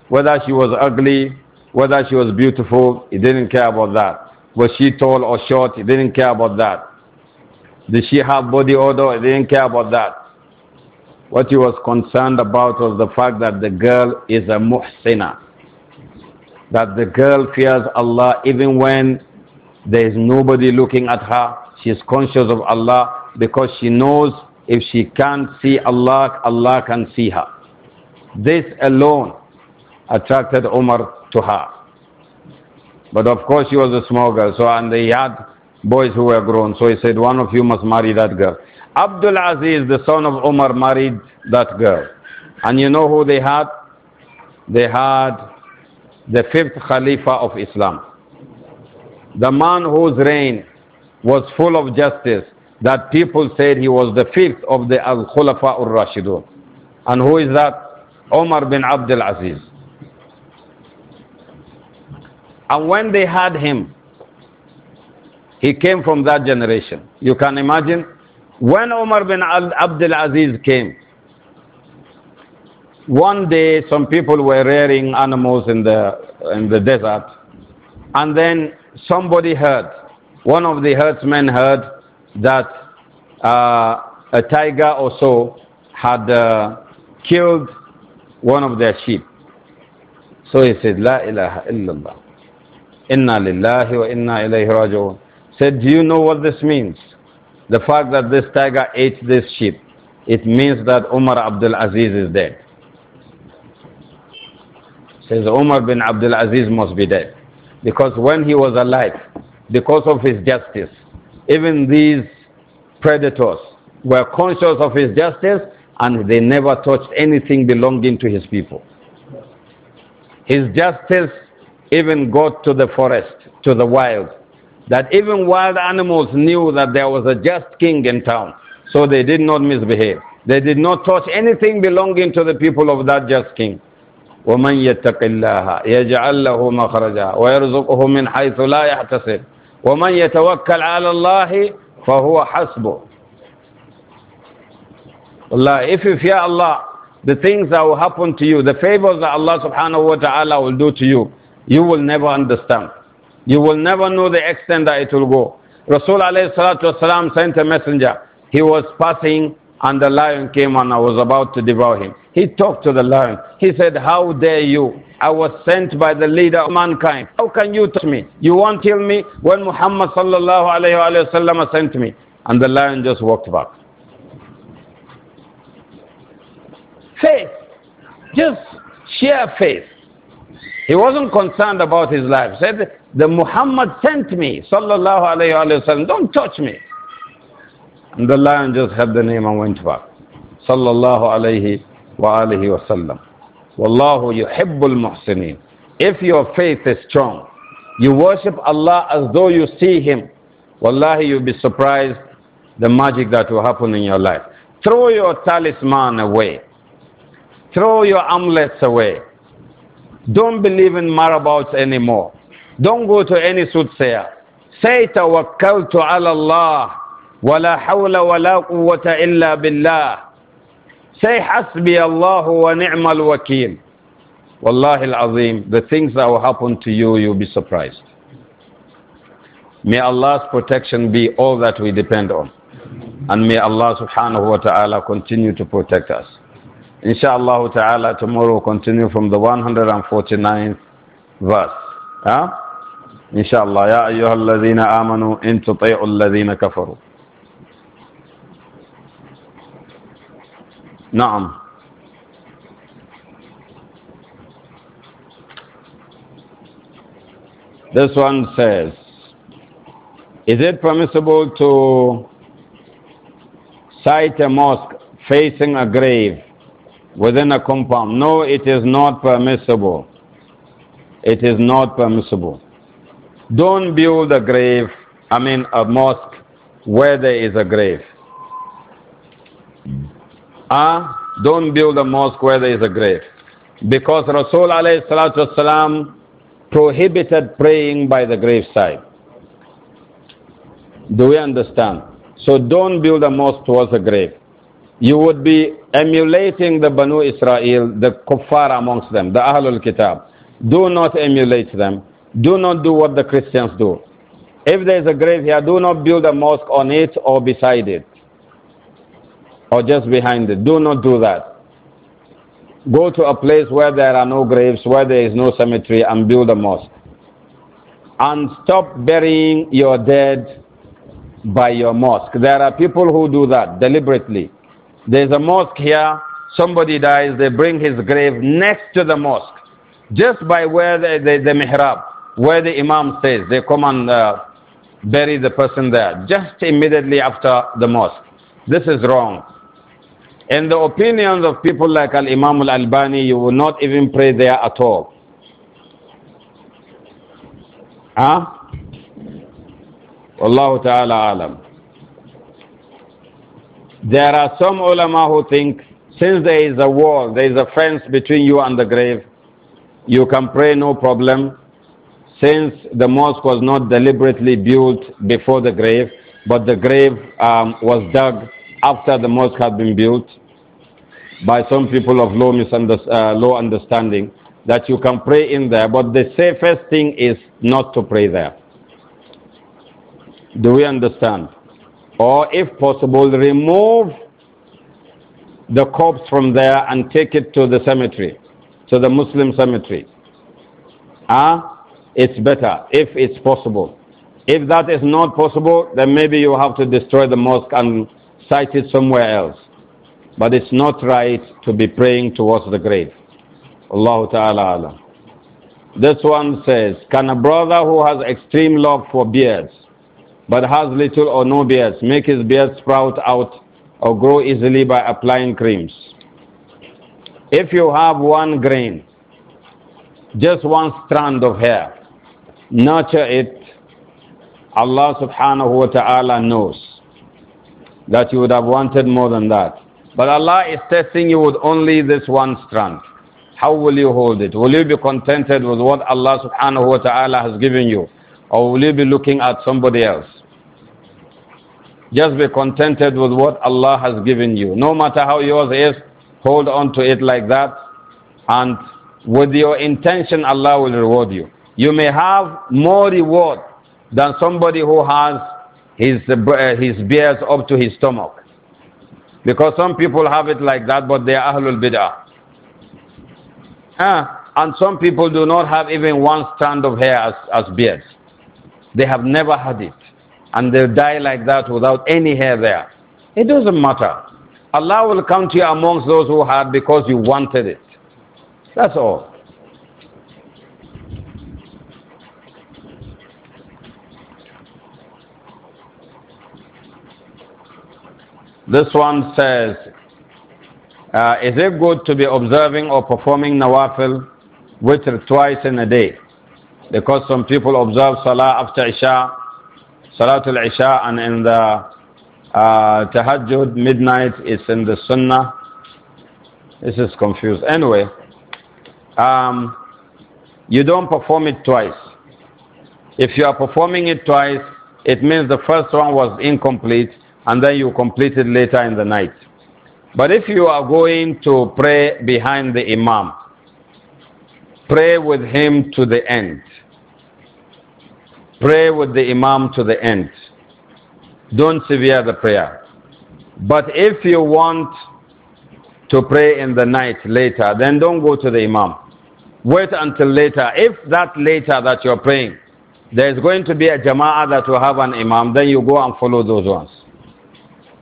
Whether she was ugly, whether she was beautiful, he didn't care about that. Was she tall or short? He didn't care about that. Did she have body odor? He didn't care about that. What he was concerned about was the fact that the girl is a muhsina. That the girl fears Allah even when there is nobody looking at her. She is conscious of Allah because she knows if she can't see Allah, Allah can see her. This alone attracted Umar to her. But of course, she was a small girl, so and they had boys who were grown. So he said, One of you must marry that girl. Abdul Aziz, the son of Umar, married that girl. And you know who they had? They had the fifth Khalifa of Islam. The man whose reign was full of justice, that people said he was the fifth of the Al Khulafa ur Rashidun. And who is that? Umar bin Abdul Aziz. And when they had him, he came from that generation. You can imagine when Omar bin Abdul Aziz came, one day some people were rearing animals in the, in the desert, and then somebody heard, one of the herdsmen heard that uh, a tiger or so had uh, killed one of their sheep. So he said, La ilaha illallah. Inna lillahi wa inna ilayhi raji'un. Said, do you know what this means? the fact that this tiger ate this sheep, it means that Umar Abdul Aziz is dead. Says Umar bin Abdul Aziz must be dead. Because when he was alive, because of his justice, even these predators were conscious of his justice and they never touched anything belonging to his people. His justice even got to the forest, to the wild, that even wild animals knew that there was a just king in town. So they did not misbehave. They did not touch anything belonging to the people of that just king. ومن يتق الله يجعل له مخرجا ويرزقه من حيث لا يحتسب ومن يتوكل على الله فهو حسبه Allah, if you fear Allah, the things that will happen to you, the favors that Allah subhanahu wa ta'ala will do to you, you will never understand. You will never know the extent that it will go. Rasul والسلام, sent a messenger. He was passing and the lion came and I was about to devour him. He talked to the lion. He said, How dare you? I was sent by the leader of mankind. How can you touch me? You won't kill me when Muhammad sallallahu alayhi wa sent me. And the lion just walked back. Faith. Just sheer faith. He wasn't concerned about his life. Said, the Muhammad sent me, sallallahu alayhi wa sallam, don't touch me. And the lion just had the name and went back. Sallallahu alayhi wa alihi wa sallam. Wallahu yuhibbul muhsineen. If your faith is strong, you worship Allah as though you see Him. Wallahi, you'll be surprised the magic that will happen in your life. Throw your talisman away. Throw your amulets away. Don't believe in marabouts anymore. Don't go to any soothsayer. Say, Tawakkaltu ala Allah, wa la hawla wa la quwwata illa billah. Say, Hasbi Allah wa ni'mal wakil. Wallahi al-azim, the things that will happen to you, you'll be surprised. May Allah's protection be all that we depend on. And may Allah subhanahu wa ta'ala continue to protect us. Insha'Allah ta'ala, tomorrow we'll continue from the 149th verse. Huh? Insha'Allah. Ya ayyuhal alladhina amanu in tuti'u alladhina kafaru. Na'am. This one says, is it permissible to cite a mosque facing a grave within a compound. No, it is not permissible. It is not permissible. Don't build a grave, I mean a mosque, where there is a grave. Ah, don't build a mosque where there is a grave. Because Rasul alayhi prohibited praying by the graveside. Do we understand? So don't build a mosque towards a grave you would be emulating the Banu Israel, the kuffar amongst them, the Ahlul Kitab. Do not emulate them. Do not do what the Christians do. If there is a grave here, do not build a mosque on it or beside it or just behind it. Do not do that. Go to a place where there are no graves, where there is no cemetery, and build a mosque. And stop burying your dead by your mosque. There are people who do that deliberately there's a mosque here. Somebody dies, they bring his grave next to the mosque, just by where the, the, the mihrab, where the imam stays. They come and uh, bury the person there, just immediately after the mosque. This is wrong. In the opinions of people like Al Imam Al Albani, you will not even pray there at all. Huh? Allah ta'ala alam. There are some ulama who think since there is a wall, there is a fence between you and the grave, you can pray no problem. Since the mosque was not deliberately built before the grave, but the grave um, was dug after the mosque had been built by some people of low, uh, low understanding, that you can pray in there, but the safest thing is not to pray there. Do we understand? or if possible, remove the corpse from there and take it to the cemetery, to the Muslim cemetery. Ah, huh? It's better if it's possible. If that is not possible, then maybe you have to destroy the mosque and site it somewhere else. But it's not right to be praying towards the grave. Allah Ta'ala. This one says, Can a brother who has extreme love for beards but has little or no beards, make his beard sprout out or grow easily by applying creams. If you have one grain, just one strand of hair, nurture it. Allah subhanahu wa ta'ala knows that you would have wanted more than that. But Allah is testing you with only this one strand. How will you hold it? Will you be contented with what Allah subhanahu wa ta'ala has given you? Or will you be looking at somebody else? Just be contented with what Allah has given you. No matter how yours is, hold on to it like that. And with your intention, Allah will reward you. You may have more reward than somebody who has his, uh, his beard up to his stomach. Because some people have it like that, but they are Ahlul Bid'ah. huh? and some people do not have even one strand of hair as, as beards. They have never had it and they'll die like that without any hair there. It doesn't matter. Allah will count you amongst those who had because you wanted it. That's all. This one says, uh, Is it good to be observing or performing nawafil witr twice in a day? Because some people observe salah after Isha al Isha and in the uh, Tahajjud, midnight is in the Sunnah. This is confused. Anyway, um, you don't perform it twice. If you are performing it twice, it means the first one was incomplete and then you complete it later in the night. But if you are going to pray behind the Imam, pray with him to the end. Pray with the Imam to the end. Don't sever the prayer. But if you want to pray in the night later, then don't go to the Imam. Wait until later. If that later that you're praying, there is going to be a jama'ah that will have an Imam, then you go and follow those ones.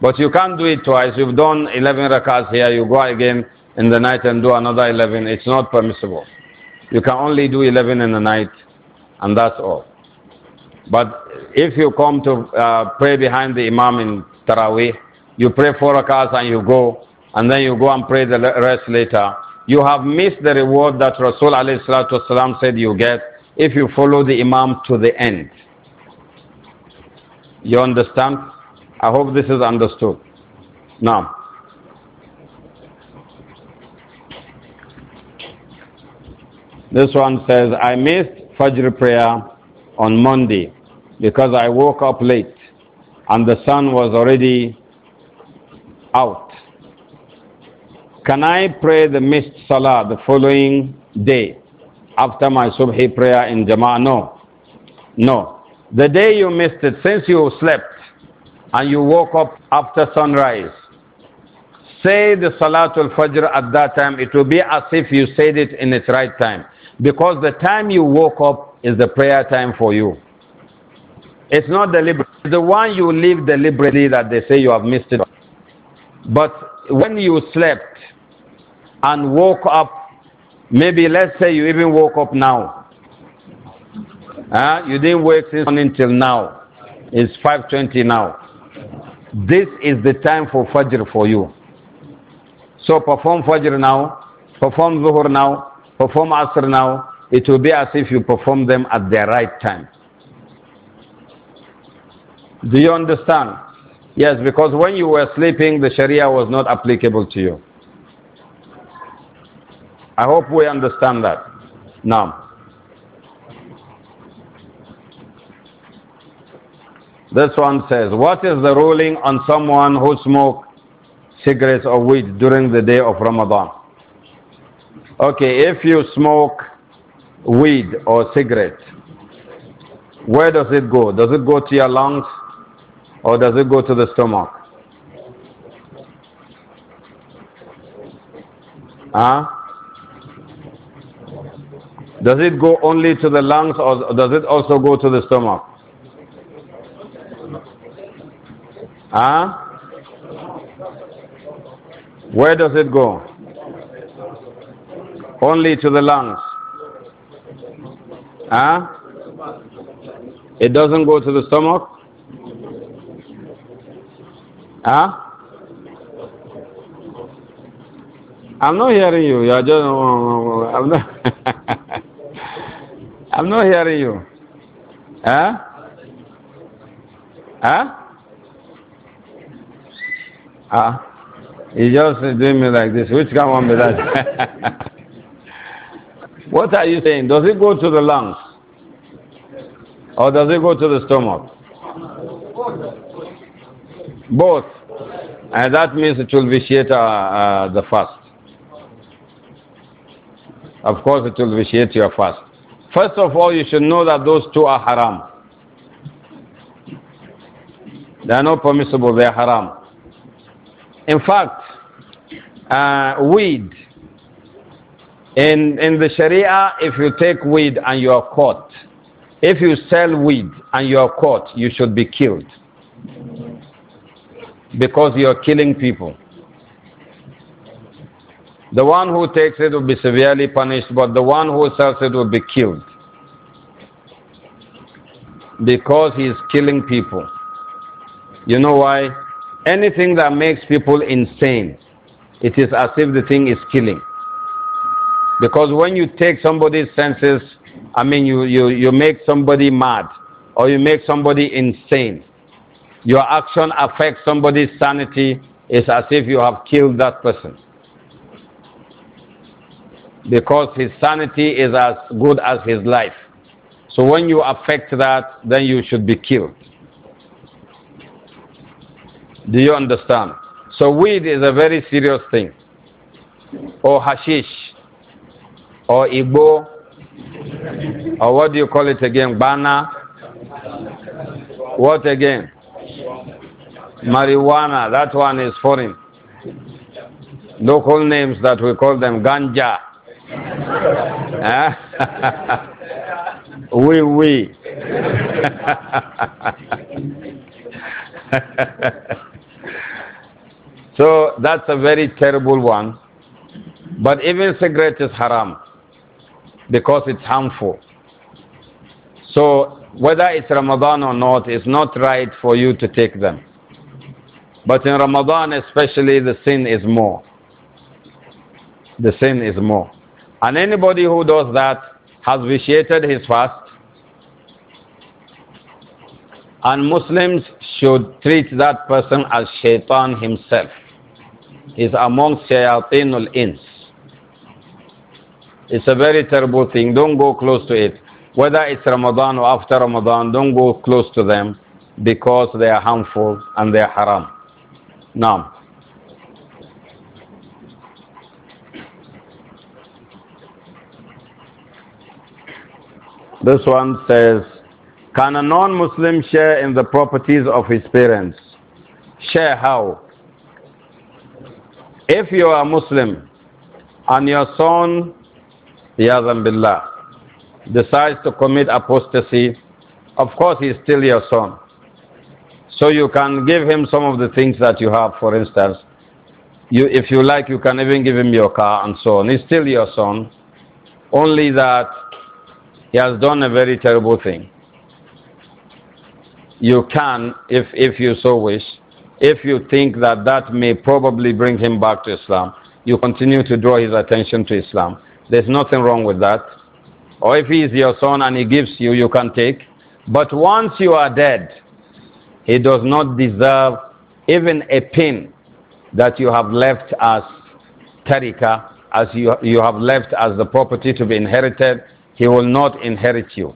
But you can't do it twice. You've done 11 rakats here, you go again in the night and do another 11. It's not permissible. You can only do 11 in the night, and that's all. But if you come to uh, pray behind the Imam in Taraweeh, you pray four rakats and you go, and then you go and pray the rest later, you have missed the reward that Rasul والسلام, said you get if you follow the Imam to the end. You understand? I hope this is understood. Now, this one says, I missed Fajr prayer on Monday because I woke up late and the sun was already out. Can I pray the missed salah the following day after my subhi prayer in jama'ah? No. No. The day you missed it, since you slept and you woke up after sunrise, say the salatul fajr at that time. It will be as if you said it in its right time. Because the time you woke up is the prayer time for you. It's not deliberate. It's the one you leave deliberately that they say you have missed it. But when you slept and woke up, maybe let's say you even woke up now. Uh, you didn't wake since morning till now. It's 5.20 now. This is the time for Fajr for you. So perform Fajr now, perform Zuhur now, perform Asr now. It will be as if you perform them at the right time. Do you understand? Yes, because when you were sleeping, the Sharia was not applicable to you. I hope we understand that. Now, this one says, What is the ruling on someone who smoked cigarettes or weed during the day of Ramadan? Okay, if you smoke weed or cigarette, where does it go? Does it go to your lungs? Or does it go to the stomach? Huh? Does it go only to the lungs or does it also go to the stomach? Huh? Where does it go? Only to the lungs. Huh? It doesn't go to the stomach? Huh? I'm not hearing you. You're just. Uh, uh, uh, I'm not. I'm not hearing you. Huh? Huh? Ah. He just doing me like this. Which can one be that? what are you saying? Does it go to the lungs? Or does it go to the stomach? Both. And that means it will vitiate uh, uh, the fast. Of course, it will vitiate your fast. First of all, you should know that those two are haram. They are not permissible, they are haram. In fact, uh, weed, in, in the Sharia, if you take weed and you are caught, if you sell weed and you are caught, you should be killed because you are killing people. The one who takes it will be severely punished, but the one who sells it will be killed because he is killing people. You know why? Anything that makes people insane, it is as if the thing is killing. Because when you take somebody's senses, I mean, you, you, you make somebody mad or you make somebody insane, your action affects somebody's sanity, it's as if you have killed that person. Because his sanity is as good as his life. So when you affect that, then you should be killed. Do you understand? So weed is a very serious thing. Or hashish. Or Igbo. Or what do you call it again? Bana. What again? marijuana, that one is foreign. Local names that we call them ganja. Eh? we, we. so that's a very terrible one. But even cigarette is haram because it's harmful. So whether it's Ramadan or not, it's not right for you to take them. But in Ramadan especially, the sin is more. The sin is more. And anybody who does that has vitiated his fast. And Muslims should treat that person as shaitan himself. He's amongst shayateen ins. It's a very terrible thing. Don't go close to it. Whether it's Ramadan or after Ramadan, don't go close to them because they are harmful and they are haram. نعم This one says, can a non-Muslim share in the properties of his parents? Share how? If you are Muslim and your son, Yazan Billah, decides to commit apostasy, of course he is still your son. So you can give him some of the things that you have, for instance. You, if you like, you can even give him your car and so on. He's still your son, only that he has done a very terrible thing. You can, if, if you so wish, if you think that that may probably bring him back to Islam, you continue to draw his attention to Islam. There's nothing wrong with that. Or if he is your son and he gives you, you can take. But once you are dead, he does not deserve even a pin that you have left as tariqah, as you, you have left as the property to be inherited. He will not inherit you.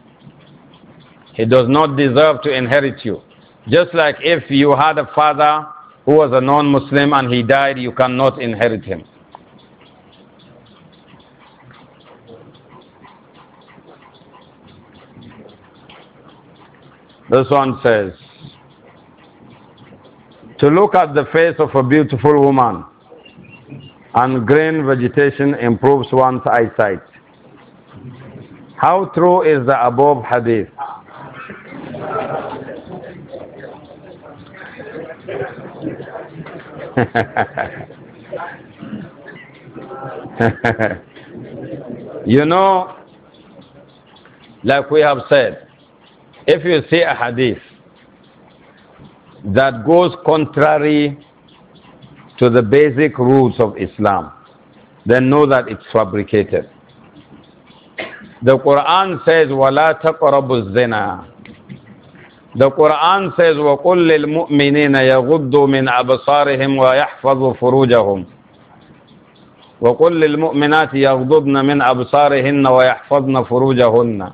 He does not deserve to inherit you. Just like if you had a father who was a non Muslim and he died, you cannot inherit him. This one says, to look at the face of a beautiful woman and green vegetation improves one's eyesight. How true is the above hadith? you know, like we have said, if you see a hadith that goes contrary to the basic rules of Islam, then know that it's fabricated. The Quran says, وَلَا تَقْرَبُ الزِّنَا The Quran says, وَقُلْ لِلْمُؤْمِنِينَ يَغُدُّ مِنْ أَبْصَارِهِمْ وَيَحْفَظُ فُرُوجَهُمْ وَقُلْ لِلْمُؤْمِنَاتِ يَغْضُضْنَ مِنْ أَبْصَارِهِنَّ وَيَحْفَظْنَ فُرُوجَهُنَّ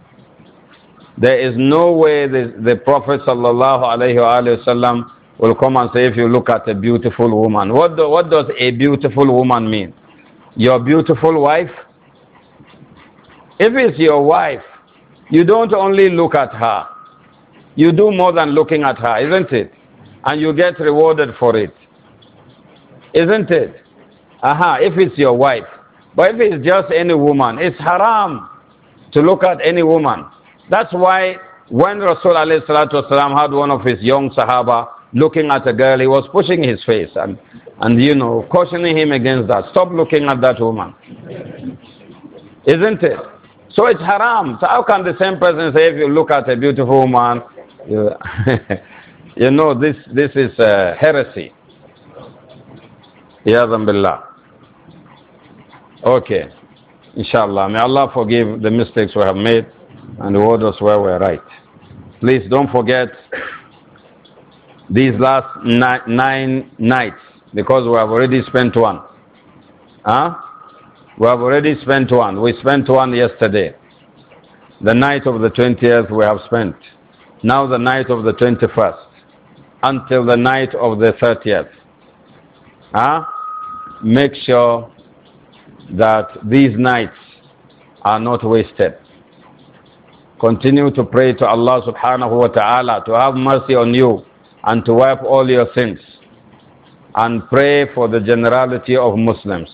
There is no way the, the Prophet sallallahu will come and say, if you look at a beautiful woman, what, do, what does a beautiful woman mean? Your beautiful wife? If it's your wife, you don't only look at her. You do more than looking at her, isn't it? And you get rewarded for it. Isn't it? Aha, if it's your wife. But if it's just any woman, it's haram to look at any woman. That's why when Rasul والسلام, had one of his young Sahaba looking at a girl, he was pushing his face and, and you know, cautioning him against that. Stop looking at that woman. Isn't it? So it's haram. So how can the same person say if you look at a beautiful woman, you, you know this this is uh, heresy. Yazam billah. Okay. Inshallah. May Allah forgive the mistakes we have made and the orders where we're right. Please don't forget these last ni nine nights because we have already spent one. Huh? We have already spent one. We spent one yesterday. The night of the 20th we have spent. Now the night of the 21st until the night of the 30th. Huh? Make sure that these nights are not wasted. Continue to pray to Allah subhanahu wa ta'ala to have mercy on you and to wipe all your sins. And pray for the generality of Muslims.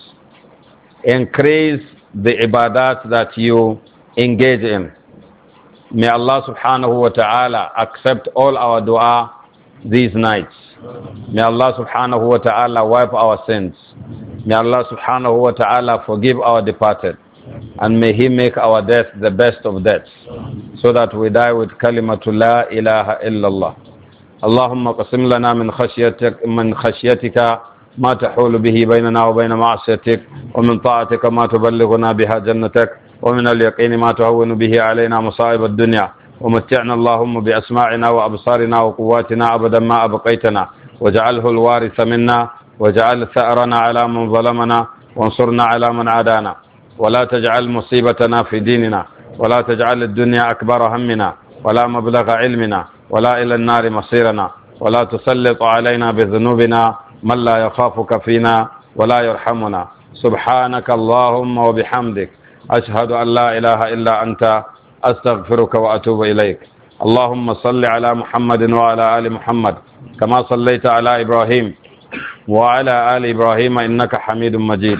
Increase the ibadat that you engage in. May Allah subhanahu wa ta'ala accept all our dua these nights. May Allah subhanahu wa ta'ala wipe our sins. May Allah subhanahu wa ta'ala forgive our departed. And may He make our death the best of deaths, so that we die with kalimatu la ilaha illallah. اللهم قسم لنا من خشيتك من خشيتك ما تحول به بيننا وبين معصيتك ومن طاعتك ما تبلغنا بها جنتك ومن اليقين ما تهون به علينا مصائب الدنيا ومتعنا اللهم بأسماعنا وأبصارنا وقواتنا أبدا ما أبقيتنا واجعله الوارث منا واجعل ثأرنا على من ظلمنا وانصرنا على من عادانا ولا تجعل مصيبتنا في ديننا ولا تجعل الدنيا أكبر همنا ولا مبلغ علمنا ولا إلى النار مصيرنا ولا تسلط علينا بذنوبنا من لا يخافك فينا ولا يرحمنا سبحانك اللهم وبحمدك أشهد أن لا إله إلا أنت أستغفرك وأتوب إليك اللهم صل على محمد وعلى آل محمد كما صليت على إبراهيم وعلى آل إبراهيم إنك حميد مجيد